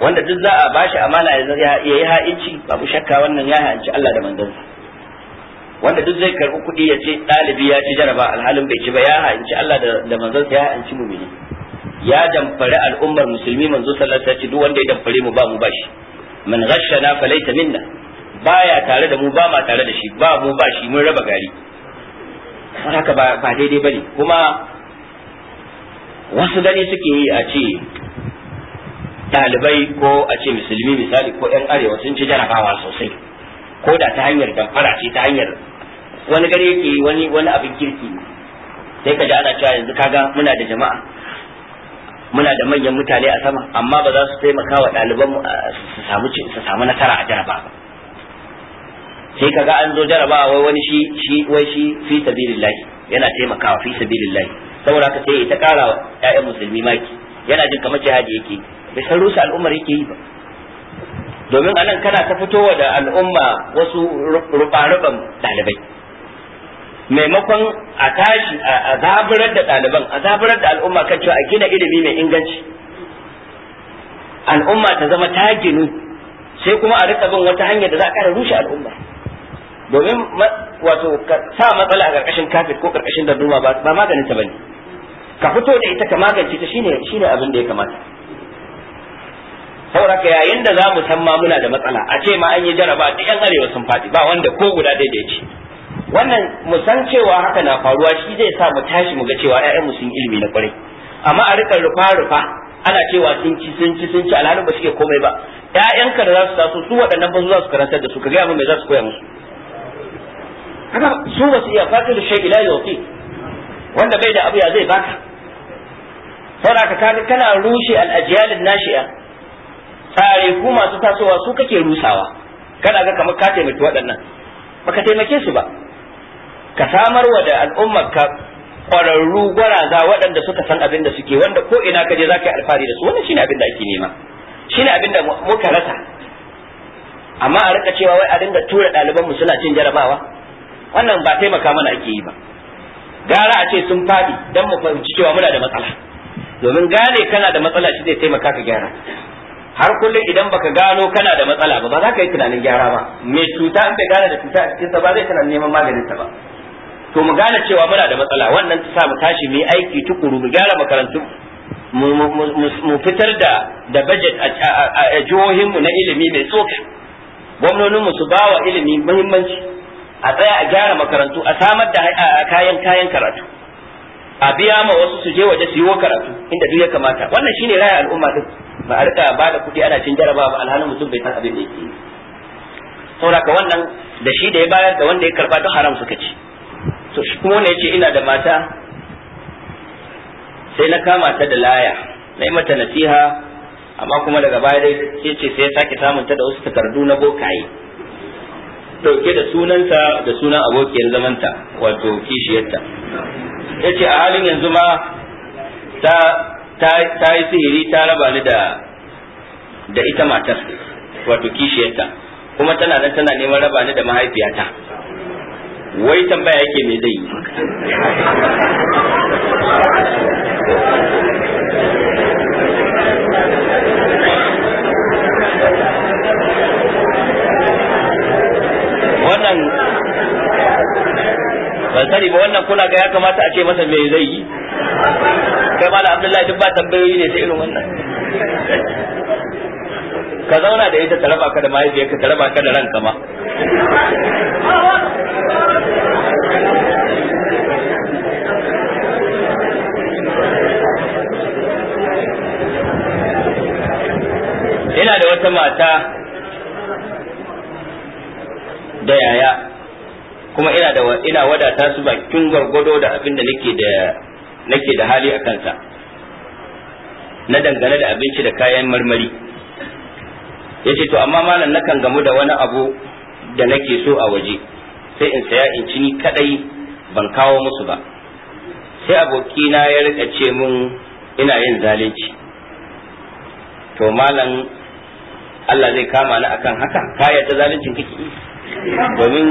wanda duk za a bashi amana ya yi ha'inci babu shakka wannan ya ha'inci Allah da manzansa wanda duk zai karɓi kuɗi ya ce ɗalibi ya ci jaraba alhalin bai ci ba ya ha'inci Allah da manzansa ya ha'inci mumini ya damfari al'ummar musulmi manzo sallallahu alaihi wasallam duk wanda ya damfare mu ba mu bashi man ghashana falaita minna baya tare da mu ba ma tare da shi ba mu ba shi mun raba gari haka ba ba daidai bane kuma wasu gani suke yi a ce ɗalibai ko a ce musulmi misali ko 'yan arewa sun ci jarabawa sosai ko da ta hanyar damfara ce ta hanyar wani gari yake wani wani abin kirki sai ka ji ana cewa yanzu kaga muna da jama'a muna da manyan mutane a sama amma ba za su taimaka wa ɗaliban su samu su samu nasara a jaraba ba sai kaga an zo jaraba wai wani shi shi wai shi fi sabilillahi yana taimakawa fi sabilillahi saboda haka sai ta kara wa ƴaƴan musulmi maki yana jin kamar jihadi yake bai san rusa al'ummar yake yi ba domin anan kana ta fitowa da al'umma wasu rufa-rufan ɗalibai maimakon a tashi a zaburar da ɗaliban a zaburar da al'umma kan cewa a gina ilimi mai inganci al'umma ta zama ta ginu sai kuma a rika bin wata hanyar da za a ƙara rushe al'umma domin wato sa matsala a ƙarƙashin kafet ko ƙarƙashin darduma ba maganin ta bane ka fito da ita ka magance ta shine shine abin da ya kamata saboda ka yayin da za mu san ma muna da matsala a ce ma an yi jaraba da yan arewa sun faɗi ba wanda ko guda daidai ce wannan mu san cewa haka na faruwa shi zai sa mu tashi mu ga cewa ƴaƴanmu sun ilimi na kwarai amma a rika rufa rufa ana cewa sun ci sun ci sun ci alhalin ba suke komai ba ƴaƴanka da za su taso su waɗannan ba za su karantar da su ka gaya mu me za su koya musu haka su ba su iya da shay ila yawti wanda bai da abu ya zai baka saboda ka kana rushe al-ajyalin nashi'a tsare ku masu tasowa su kake rusawa kana ga kamar ka taimaki waɗannan baka taimake su ba ka samar wa da al'ummar ka kwararru gwaraza waɗanda suka san abin da suke wanda ko ina ka je zaka yi alfahari da su wannan shine abin da ake nema shine abin da muka rasa amma a rika cewa wai a dinga tura ɗaliban suna cin jarabawa wannan ba taimaka mana ake yi ba gara a ce sun faɗi don mu fahimci cewa muna da matsala domin gane kana da matsala shi zai taimaka ka gyara har kullum idan baka gano kana da matsala ba ba za ka yi tunanin gyara ba mai cuta in bai gane da cuta a cikinsa ba zai tunanin neman maganin sa ba to mu gane cewa muna da matsala wannan ta sa mu tashi mu yi aiki tukuru mu gyara makarantu mu fitar da da budget a jihohinmu na ilimi mai tsoka mu su bawa ilimi muhimmanci a tsaya a gyara makarantu a samar da kayan kayan karatu a biya ma wasu su je waje su yi karatu inda duk ya kamata wannan shine raya al'umma din ba a rika ba da kuɗi ana cin jarabawa ba alhalin mutum bai san abin da yake saboda ka wannan da shi da ya bayar da wanda ya karba duk haram suka ci to shi kuma ne yace ina da mata sai na kama ta da laya na yi mata nasiha amma kuma daga baya dai ce sai ya sake samun ta da wasu takardu na bokaye dauke da sunanta da sunan abokiyar zamanta wato kishiyarta Ya ce a halin yanzu ma ta ta yi sihiri ta raba ni da ita matar wato kishiyarta kuma tana nan tana neman raba ni da mahaifiyata wai tambaya yake me zai yi wannan ban sani ba wannan kuna ga ya kamata a ce masa me zai yi kai ma da abdullahi duk ba tambayoyi ne sai irin wannan ka zauna da ita ta raba ka da mahaifiyarka ta raba ka da ranka ma wata mata da yaya kuma ina da ina wadata su bakin gwargwado da abin da nake da nake da hali a kansa na dangane da abinci da kayan marmari yace to amma malam nakan gamu da wani abu da nake so a waje sai in saya in ci ni kadai ban kawo musu ba sai abokina ya rika ce mun ina yin zalunci to malam Allah zai kama ni akan haka ka yarda zaluncin kake domin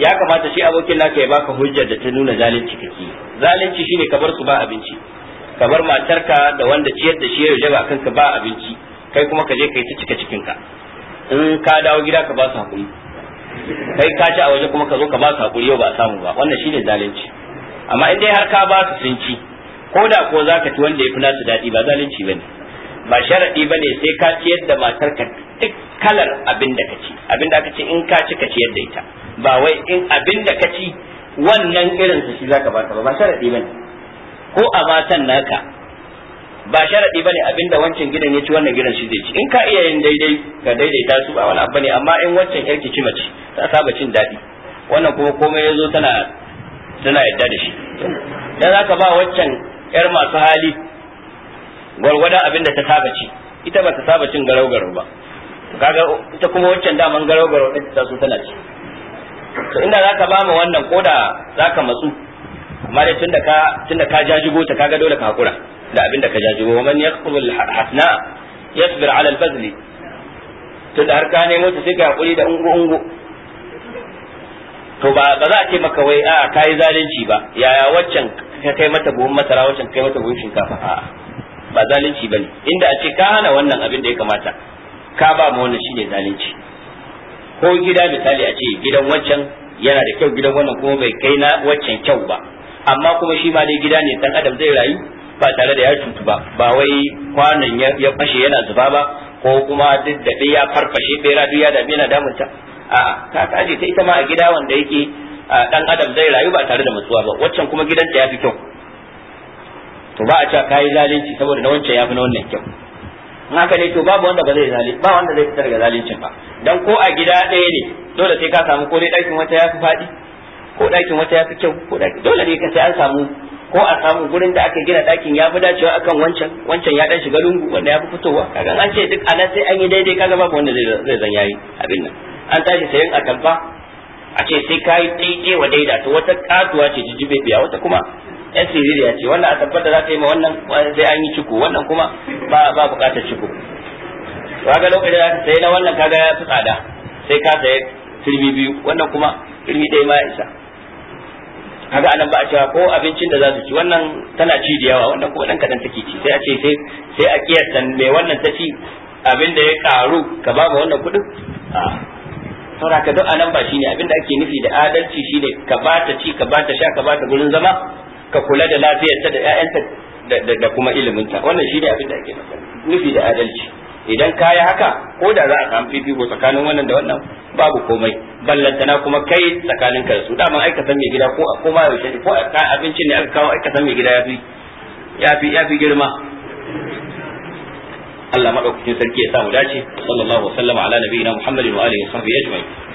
ya kamata shi abokin naka ya baka hujjar da ta nuna zalunci kake zalunci shine ka bar su ba abinci ka bar matarka da wanda ciyar da shi ya jaba kanka ba abinci kai kuma ka je kai ta cika cikin ka in ka dawo gida ka ba su hakuri kai ka ci a waje kuma ka zo ka ba su hakuri yau ba samu ba wannan shine zalunci amma in dai har ka ba su sun ko da ko zaka ci wanda ya fi nasu daɗi ba zalunci bane ba sharadi bane sai ka yadda matar ka duk kalar abin da ci. abin da ka ci in ka ci ka ciyar ita ba wai in abin da ci wannan irin su shi zaka bata ba ba sharadi bane ko a matan naka ba sharadi bane abin da wancan gidan ya ci wannan gidan shi zai ci in ka iya yin daidai ka daidaita su ba wani abu ne amma in wancan yarki ci mace ta saba cin daɗi wannan kuma komai ya zo tana tana yadda da shi dan zaka ba waccan yar masu hali gwargwada abin da ta saba ci ita ba ta saba cin garau garau ba kaga ita kuma waccan daman garau garau ɗin ta so tana ci to inda zaka ba mu wannan koda zaka matsu amma dai tunda ka tunda ka jajigo ta kaga dole ka hakura da abin da ka jajigo wa man yaqbul hasna yasbir ala al to da har ka nemo ta sai ka hakuri da ungu ungu to ba ba za a ce maka wai a kai zalunci ba yaya waccan ka kai mata buhun masara waccan kai mata buhun shinkafa a'a ba zalunci bane inda a ce ka hana wannan abin da ya kamata ka ba mu wannan shine zalunci ko gida misali a ce gidan waccan yana da kyau gidan wannan kuma bai kai na waccan kyau ba amma kuma shi ma dai gida ne dan adam zai rayu ba tare da ya cutu ba ba wai kwanan ya fashe yana zuba ba ko kuma duk da ya farfashe bera duk ya dame yana damunta a'a ka kaje ta ita ma a gida wanda yake dan adam zai rayu ba tare da matsuwa ba waccan kuma gidanta ya fi kyau to ba a cewa kai zalunci saboda na wancan yafi na wannan kyau in haka ne to babu wanda ba zai zali ba wanda zai fitar ga zaluncin ba dan ko a gida ɗaya ne dole sai ka samu ko dai ɗakin wata yafi faɗi ko ɗakin wata yafi kyau ko ɗakin dole ne ka sai an samu ko a samu gurin da aka gina ɗakin ya fi dacewa akan wancan wancan ya dan shiga lungu wanda ya fi fitowa kaga an ce duk anan sai an yi daidai kaga babu wanda zai zan yayi abin nan an tashi sayan atamfa a ce sai kayi daidai wa daida to wata katuwa ce jijjibe biya wata kuma yan ya ce wannan a tabbata za ka yi ma wannan sai an yi ciko wannan kuma ba ba bukatar ciko ga lokacin da ka sai na wannan kaga ya fi tsada sai ka saye turmi biyu wannan kuma turmi ɗaya ma ya isa kaga anan ba a cewa ko abincin da za su ci wannan tana ci da yawa wannan kuma dan kadan take ci sai a ce sai sai a kiyasta me wannan ta ci abin da ya karu ka ba wannan kuɗin a ka duk anan ba shine abin da ake nufi da adalci shine ka ba ta ci ka ba ta sha ka ba ta gurin zama ka kula da lafiyarta da ƴaƴanta da kuma iliminta wannan shine abin da ake faɗa nufi da adalci idan ka yi haka ko da za a samu fifiko tsakanin wannan da wannan babu komai ballantana kuma kai tsakanin ka da su daman aika san mai gida ko a koma yaushe ko a abincin ne aka kawo aika san mai gida yafi yafi yafi girma Allah madaukakin sarki ya samu dace sallallahu alaihi wa sallam ala nabiyina Muhammadin wa alihi wa sahbihi ajma'in